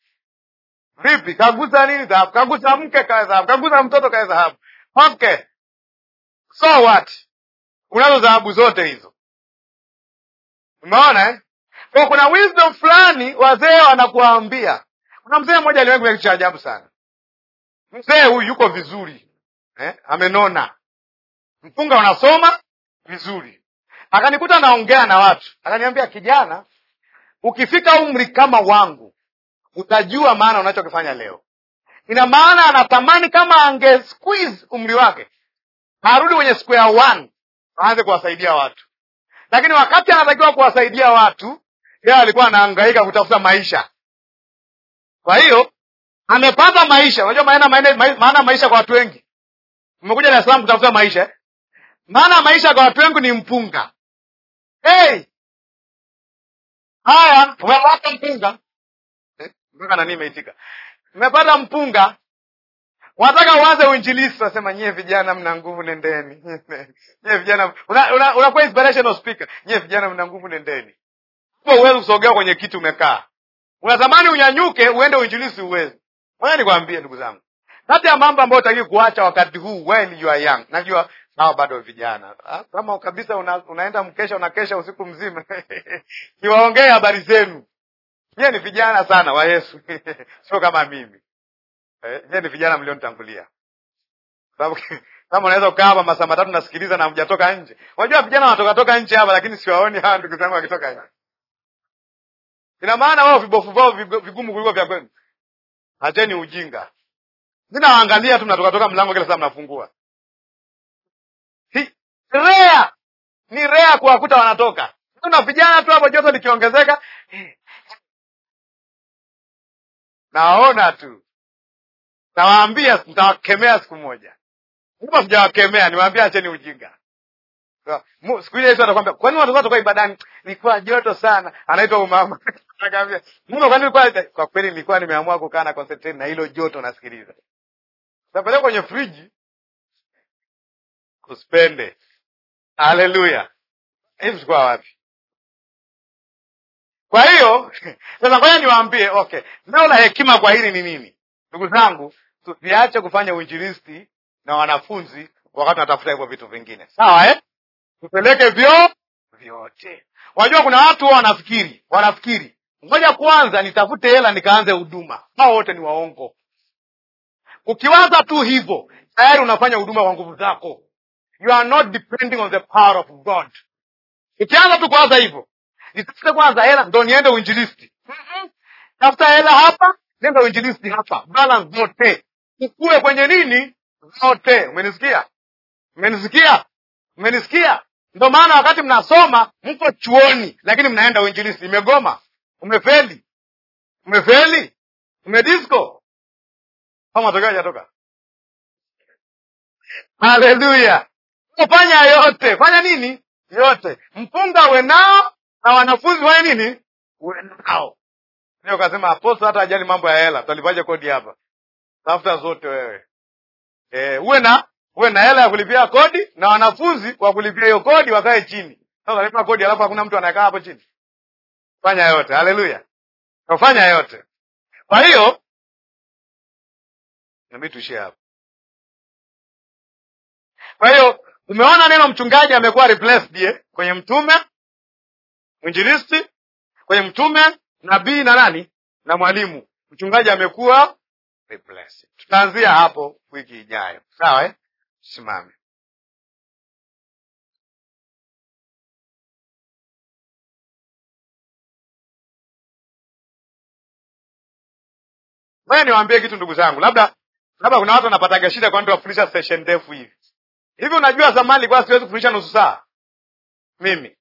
vipi kagusa nini dhahabu kagusa mke kae dhahabu kagusa mtoto kae dhahabu okay so what unazo dhahabu zote hizo Umeona eh? Kwa kuna wisdom fulani wazee wanakuambia. Kuna mzee mmoja aliwahi kitu cha ajabu sana. Mzee huyu yuko vizuri eh? Amenona mpunga, unasoma vizuri. Akanikuta naongea na watu, akaniambia kijana, ukifika umri kama wangu utajua maana unachokifanya leo. Ina maana anatamani kama ange squeeze umri wake arudi kwenye square one aanze kuwasaidia watu lakini wakati anatakiwa kuwasaidia watu, yeye alikuwa anahangaika kutafuta maisha. Kwa hiyo amepata maisha. Unajua maana maana maisha kwa watu wengi, mmekuja Dar es Salaam kutafuta maisha. Eh? Maana maisha kwa watu wengi ni mpunga. Hey! Haya, umepata mpunga eh, mpaka nani imeitika, umepata mpunga Wanataka uanze uinjilisi, nasema nyie vijana mna nguvu, nendeni. Nyie vijana unakuwa una, una inspirational speaker. Nyie vijana mna nguvu, nendeni. Kwa uwezi kusogea kwenye kitu umekaa. Unatamani unyanyuke uende uinjilisi, uwezi. Ngoja nikwambie ndugu zangu. Kati ya mambo ambayo unatakiwa kuacha wakati huu when you are young. Najua nao bado vijana. Ah, kama kabisa una, unaenda mkesha unakesha usiku mzima. Niwaongee habari zenu. Nyie ni vijana sana wa Yesu. Sio kama mimi eh, ni vijana mlionitangulia, sababu kama unaweza ukaa hapa masaa matatu nasikiliza na mjatoka nje. Unajua vijana wanatokatoka nje hapa, lakini siwaoni hawa ndugu zangu wakitoka nje. Ina maana wao vibofu vao vigumu kuliko vya kwenu. Acheni ujinga. Ninawaangalia tu toka mlango kila saa mnafungua. Rea ni rea kuwakuta wanatoka. Tuna vijana tu hapo, joto likiongezeka eh. Naona tu Nawaambia mtawakemea siku moja. Kama sijawakemea, niwaambia acheni ujinga. So, Siku ile Yesu atakwambia, kwani watu watakuwa ibadani? Nilikuwa joto sana, anaitwa umama. Anakwambia, "Mungu kwani nilikuwa kwa kweli nilikuwa nimeamua kukaa na concentrate na hilo joto nasikiliza." Tapeleka kwenye friji kuspende. Haleluya. Hivi sikuwa wapi? Kwa hiyo sasa, ngoja niwaambie, okay, neno la hekima kwa hili ni nini? Ndugu zangu, tusiache kufanya uinjilisti na wanafunzi wakati natafuta hivyo vitu vingine, sawa eh? Tupeleke vyo vyote. Wajua, kuna watu wanafikiri wanafikiri, ngoja kwanza nitafute hela nikaanze huduma. Hao wote ni waongo. Ukiwaza tu hivyo, tayari unafanya huduma kwa nguvu zako. You are not depending on the power of God. Ukianza tu kuwaza hivyo, nitafute kwanza hela ndo niende uinjilisti, mm -mm. tafuta hela hapa, nenda uinjilisti hapa, balance zote ikue kwenye nini zote. Umenisikia? umenisikia umenisikia Ndio maana wakati mnasoma mko chuoni, lakini mnaenda uinjilisi. Imegoma, umefeli, umefeli, umedisco a matokeo ajatoka. Haleluya! Fanya yote, fanya nini? Yote. Mpunga wenao nao na wanafunzi wae nini? Uwe nao. Ndio kasema apostol hata ajali mambo ya hela, tutalipaje kodi hapa? tafuta zote wewe eh, uwe na uwe na hela ya kulipia kodi na wanafunzi wa kulipia hiyo kodi wakae chini. Sasa lipa kodi alafu hakuna mtu anayekaa hapo chini. Fanya yote, haleluya, ufanya yote. Kwa hiyo nami tuishie hapo. Kwa hiyo umeona neno mchungaji amekuwa replaced ye eh, kwenye mtume, mwinjilisti, kwenye mtume, nabii na nani na mwalimu. Mchungaji amekuwa ni blessing. Tutaanzia hapo wiki ijayo, sawa eh? Simame. Maya, niwaambie kitu ndugu zangu, labda labda kuna watu wanapataga shida, kwa tuwafundisha session ndefu hivi hivi. Unajua zamani kwa siwezi kufundisha nusu saa mimi.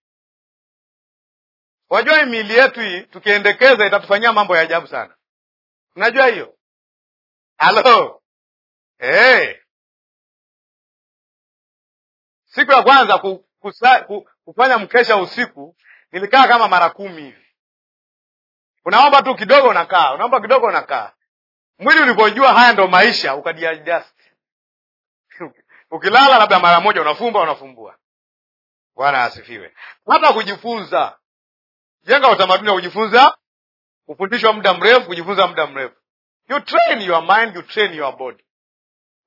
Wajua miili yetu hii tukiendekeza itatufanyia mambo ya ajabu sana, unajua hiyo. Halo hey. Siku ya kwanza kufanya mkesha usiku nilikaa kama mara kumi hivi. Unaomba tu kidogo unakaa, unaomba kidogo unakaa. Mwili ulipojua haya ndo maisha, ukadiadjust. ukilala labda mara moja unafumba, unafumbua. Bwana asifiwe. Hata kujifunza, jenga utamaduni wa kujifunza, kufundishwa muda mrefu, kujifunza muda mrefu. You train your mind, you train your body.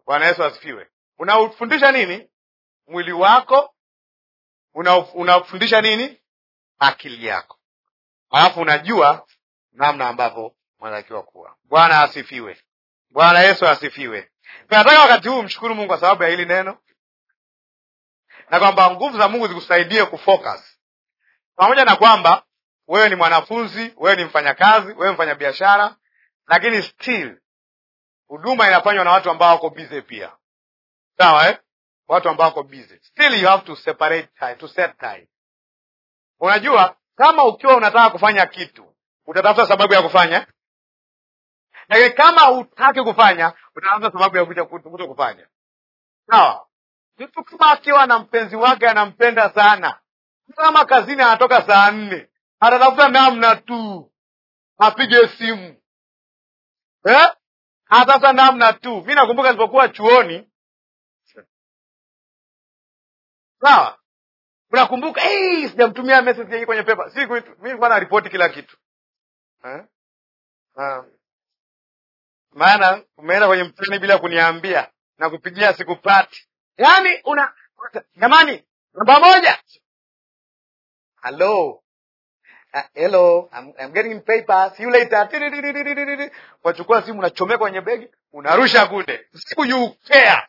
Bwana Yesu asifiwe. Unaufundisha nini? Mwili wako. Unafundisha una nini? Akili yako. Alafu unajua namna ambavyo unatakiwa kuwa. Bwana asifiwe. Bwana Yesu asifiwe. Nataka wakati huu mshukuru Mungu kwa sababu ya hili neno, na kwamba nguvu za Mungu zikusaidie kufocus, pamoja na kwamba wewe ni mwanafunzi, wewe ni mfanyakazi, wewe mfanyabiashara, lakini still huduma inafanywa na watu ambao wako busy pia, sawa eh? Watu ambao wako busy still you have to separate time, to set time. Unajua, kama ukiwa unataka kufanya kitu utatafuta sababu ya kufanya, lakini kama utaki kufanya utatafuta sababu ya kuto kufanya, sawa. Mtu kama akiwa na mpenzi wake anampenda sana, kama kazini anatoka saa nne atatafuta namna tu apige simu eh? Ha, sasa namna tu, mi nakumbuka nilipokuwa chuoni, sawa, unakumbuka hey, eh, sijamtumia message hii kwenye pepa, si mimi nilikuwa na ripoti kila kitu eh? Ah. Maana umeenda kwenye mtani bila kuniambia na kupigia sikupati, yaani una jamani, namba moja, halo Uh, hello, I'm, I'm getting in paper. See you later. Unachukua simu unachomeka kwenye begi, unarusha kule. Siku you care.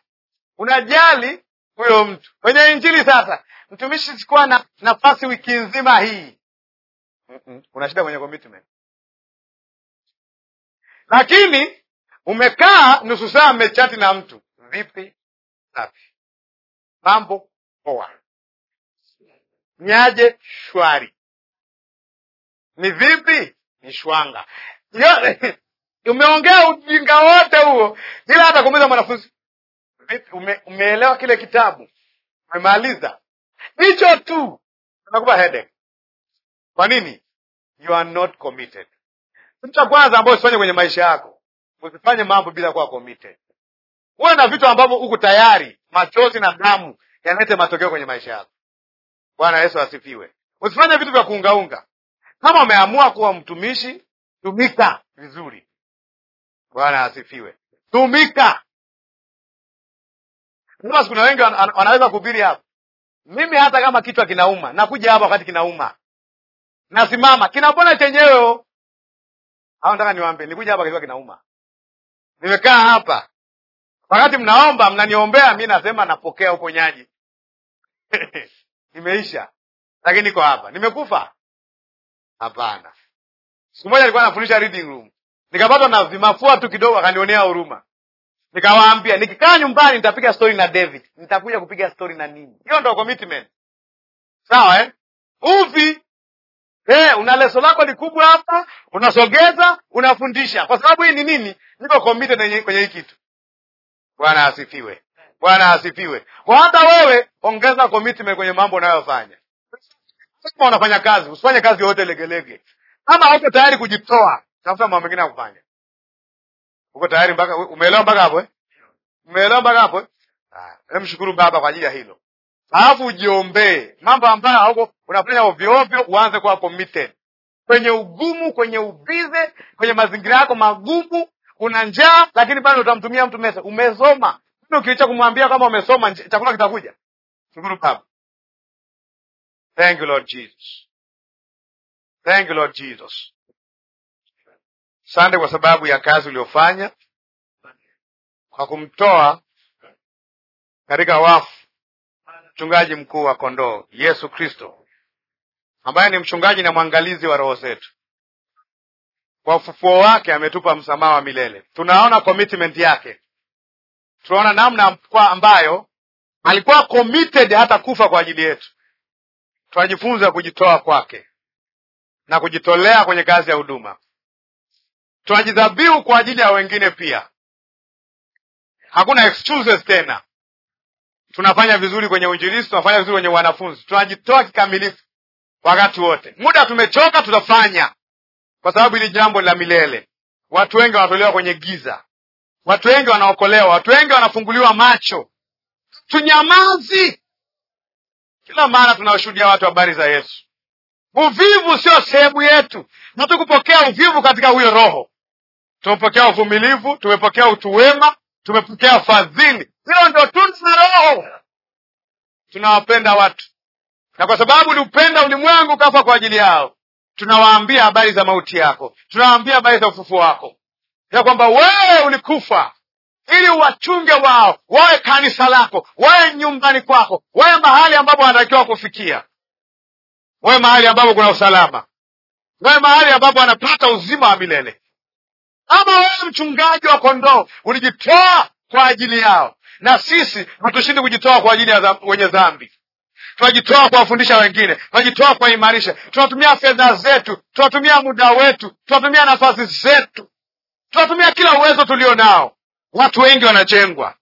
Unajali huyo mtu. Kwenye injili sasa, mtumishi sikuwa na nafasi wiki nzima hii. Mm Una shida kwenye commitment. Lakini umekaa nusu saa na mtu. Vipi? Safi. Mambo poa. Nyaje shwari ni vipi? Ni shwanga. Umeongea ujinga wote huo, ila hata kuuliza mwanafunzi ume, umeelewa kile kitabu, umemaliza hicho tu, unakupa headache. Kwa nini? You are not committed. Kitu cha kwanza ambayo usifanye kwenye maisha yako, usifanye mambo bila kuwa committed. Uwe na vitu ambavyo uko tayari, machozi na damu yanete matokeo kwenye maisha yako. Bwana Yesu asifiwe. Usifanye vitu vya kuungaunga. Kama umeamua kuwa mtumishi, tumika vizuri. Bwana asifiwe. Tumika. Basi kuna wengi wanaweza kuhubiri hapa. Mimi hata kama kichwa kinauma, nakuja hapa wakati kinauma, nasimama, kinapona chenyewe. Au nataka niwaambie, nikuja hapa kichwa kinauma, nimekaa hapa wakati mnaomba, mnaniombea, mi nasema napokea uponyaji nimeisha, lakini niko hapa, nimekufa Hapana. Siku moja alikuwa anafundisha reading room, nikapatwa na vimafua tu kidogo, akanionea huruma, nikawaambia nikikaa nyumbani nitapiga stori na David, nitakuja kupiga story na nini. Hiyo ndo commitment, sawa eh? Uvi eh, una leso lako likubwa hapa, unasogeza, unafundisha, kwa sababu hii ni nini? Niko committed kwenye hii kitu. Bwana asifiwe. Bwana asifiwe. Kwa hata wewe ongeza commitment kwenye mambo unayofanya kama unafanya kazi usifanye kazi yoyote legelege. Kama hauko tayari kujitoa, tafuta mambo mengine ya kufanya. Uko tayari mpaka umeelewa mpaka hapo eh? Umeelewa mpaka hapo eh? Ah, mshukuru Baba kwa ajili ya hilo. Alafu ujiombee mambo ambayo hauko unafanya ovyo ovyo, uanze kuwa committed kwenye ugumu, kwenye ubize, kwenye mazingira yako magumu. kuna njaa lakini bado utamtumia mtu mesa. Umesoma, ndio kilicho kumwambia kama umesoma, chakula kitakuja. Shukuru Baba. Thank you, Lord Jesus. Thank you, Lord Jesus. Asante kwa sababu ya kazi uliofanya kwa kumtoa katika wafu mchungaji mkuu wa kondoo Yesu Kristo, ambaye ni mchungaji na mwangalizi wa roho zetu. Kwa ufufuo wake ametupa msamaha wa milele. Tunaona commitment yake, tunaona namna ambayo alikuwa committed hata kufa kwa ajili yetu tunajifunza kujitoa kwake na kujitolea kwenye kazi ya huduma. Tunajidhabihu kwa ajili ya wengine pia, hakuna excuses tena. Tunafanya vizuri kwenye uinjilisti, tunafanya vizuri kwenye wanafunzi, tunajitoa kikamilifu wakati wote. Muda tumechoka, tutafanya kwa sababu hili jambo la milele. Watu wengi wanatolewa kwenye giza, watu wengi wanaokolewa, watu wengi wanafunguliwa macho. Tunyamazi kila mara tunawashuhudia watu habari za Yesu. Uvivu sio sehemu yetu, na tukupokea uvivu katika huyo Roho. Tumepokea uvumilivu, tumepokea utu wema, tumepokea fadhili. Hilo ndio tunda la Roho. Tunawapenda watu, na kwa sababu upenda ulimwengu kafa kwa ajili yao, tunawaambia habari za mauti yako, tunawaambia habari za ufufu wako, ya kwamba wewe ulikufa ili wachunge wao, wawe kanisa lako, wawe nyumbani kwako, wawe mahali ambapo wanatakiwa kufikia, wawe mahali ambapo kuna usalama, wawe mahali ambapo wanapata uzima wa milele. ama wewe mchungaji wa kondoo ulijitoa kwa ajili yao, na sisi hatushindi kujitoa kwa ajili ya wenye dhambi tunajitoa kuwafundisha wengine, tunajitoa kuwaimarisha, tunatumia fedha zetu, tunatumia muda wetu, tunatumia nafasi zetu, tunatumia kila uwezo tulio nao watu wengi wanajengwa.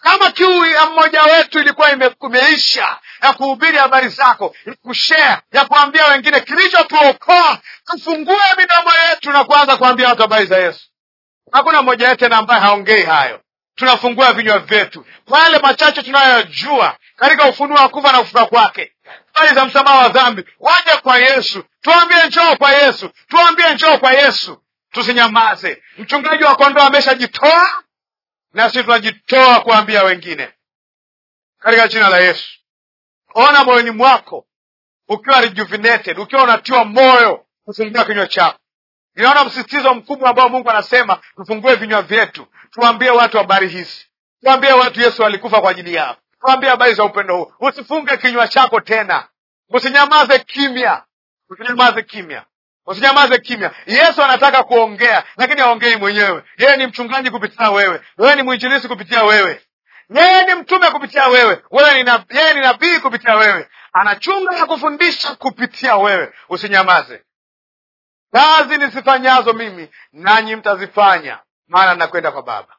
Kama kiu ya mmoja wetu ilikuwa imeisha ya kuhubiri habari zako, kushare, ya kuambia wengine kilichotuokoa, tufungue midomo yetu na kuanza kuambia watu habari za Yesu. Hakuna mmoja wetu tena ambaye haongei hayo. Tunafungua vinywa vyetu kwa yale machache tunayoyajua katika ufunuo wa kufa na kufuka kwake, habari za msamaha wa dhambi. Waje kwa Yesu, tuambie njoo kwa Yesu, tuambie njoo kwa Yesu, tusinyamaze. Mchungaji wa kondoo ameshajitoa na sisi tunajitoa kuambia wengine katika jina la Yesu. Ona moyoni mwako ukiwa rejuvenated, ukiwa unatiwa moyo kufungua kinywa chako. Ninaona msisitizo mkubwa ambao Mungu anasema tufungue vinywa vyetu, tuambie watu habari hizi, tuambie watu Yesu alikufa kwa ajili yao, tuambie habari za upendo huu. Usifunge kinywa chako tena, usinyamaze kimya, usinyamaze kimya. Usinyamaze kimya. Yesu anataka kuongea, lakini aongei mwenyewe. Yeye ni mchungaji kupitia wewe, wewe ni mwinjilisi kupitia wewe, yeye ni mtume kupitia wewe, wewe ni yeye ni nabii kupitia wewe, anachunga na kufundisha kupitia wewe. Usinyamaze. Kazi nisifanyazo mimi, nanyi mtazifanya, maana nakwenda kwa Baba.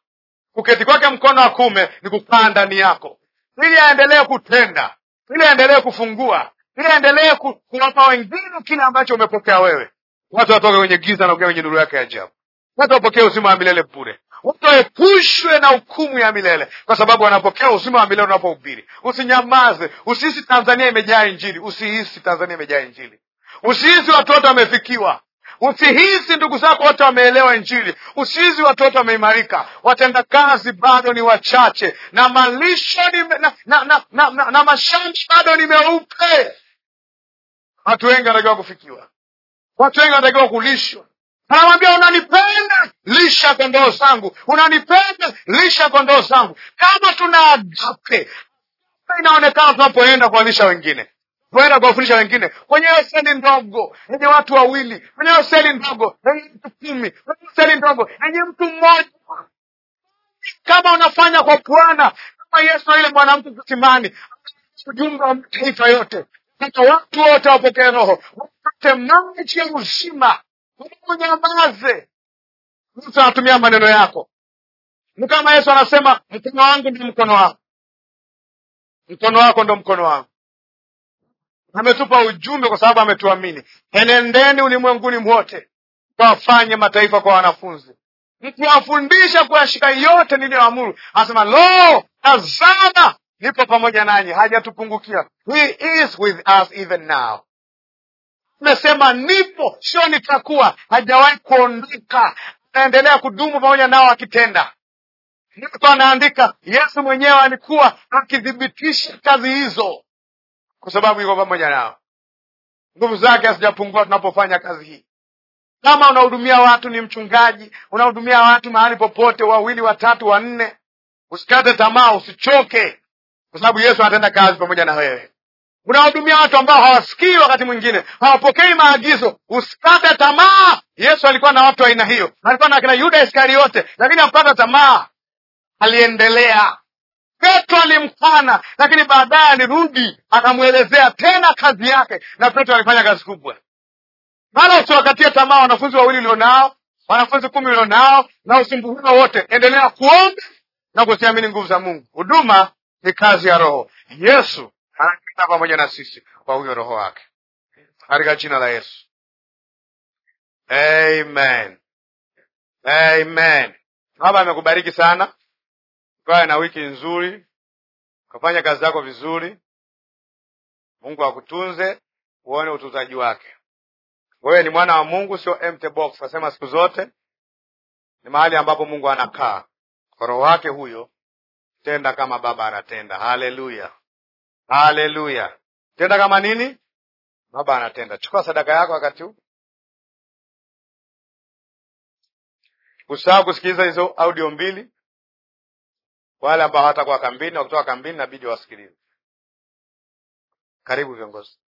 Kuketi kwake mkono wa kume ni kukaa ndani yako, ili aendelee kutenda, ili aendelee kufungua, ili aendelee kuwapa wengine kile ambacho umepokea wewe. Watu watoke kwenye giza na kuingia kwenye nuru yake ya ajabu. Watu wapokee uzima wa milele bure. Watu waepushwe na hukumu ya milele, kwa sababu wanapokea uzima wa milele unapohubiri. Usinyamaze, usihisi Tanzania imejaa Injili, usihisi Tanzania imejaa Injili, usihisi watu wote wamefikiwa Usihisi ndugu zako wote wameelewa Injili, usihisi watoto wameimarika. Watenda kazi bado ni wachache, na malisho ni na, na, na, na, na, na mashamba bado ni meupe. Watu wengi wanatakiwa kufikiwa. Watu wengi wanatakiwa kulishwa. Anamwambia, unanipenda lisha kondoo zangu, unanipenda lisha kondoo zangu. Kama tuna agape, inaonekana tunapoenda kuwalisha wengine tunaenda kuwafundisha wengine kwenye hiyo seli ndogo yenye watu wawili, kwenye hiyo seli ndogo yenye mtu kumi, kwenye hiyo seli ndogo yenye mtu mmoja. Kama unafanya kwa Bwana kama Yesu na yule mwanamke kisimani, ujumbe wa mataifa yote, hata watu wote wapokee Roho, temana nchi ushima shima, mnyamaze, mtu anatumia maneno yako. Ni kama Yesu anasema mkono wangu ndio mkono wako, mkono wako ndio mkono wangu. Ametupa ujumbe kwa sababu ametuamini, enendeni ulimwenguni mwote, wafanye mataifa kwa wanafunzi mkiwafundisha kuyashika yote niliyoamuru. Anasema, lo, tazama nipo pamoja nanyi, hajatupungukia. He is with us even now. Nasema nipo, sio nitakuwa. Hajawahi kuondoka, anaendelea kudumu pamoja nao akitenda. Niko anaandika, Yesu mwenyewe alikuwa akithibitisha kazi hizo, kwa sababu yuko pamoja nao. Nguvu zake hazijapungua tunapofanya kazi hii. Kama unahudumia watu, ni mchungaji, unahudumia watu mahali popote, wawili, watatu, wanne, usikate tamaa, usichoke, kwa sababu Yesu anatenda kazi pamoja na wewe unawahudumia watu ambao hawasikii, wakati mwingine hawapokei maagizo. Usikate tamaa. Yesu alikuwa na watu aina hiyo, alikuwa na akina Yuda Iskariote, lakini hakukata tamaa, aliendelea. Petro alimkana, lakini baadaye alirudi akamwelezea tena kazi yake, na Petro alifanya kazi kubwa. Wala usiwakatie tamaa wanafunzi wawili ulionao, wanafunzi kumi ulionao, na usumbufu huo wote, endelea kuomba na kusiamini nguvu za Mungu. Huduma ni kazi ya Roho. Yesu na pamoja na sisi kwa huyo Roho wake katika jina la Yesu. Amen, amen. Baba amekubariki sana, ukawe na wiki nzuri, ukafanya kazi zako vizuri. Mungu akutunze, uone utunzaji wake. Wewe ni mwana wa Mungu, sio empty box. Nasema siku zote ni mahali ambapo Mungu anakaa, kwa roho wake huyo tenda kama baba anatenda. Haleluya. Haleluya! Tenda kama nini? Baba anatenda. Chukua sadaka yako wakati huu. usahau kusikiliza hizo audio mbili. Wale ambao hawatakuwa kambini, wakitoka kambini inabidi wasikilize. Karibu viongozi.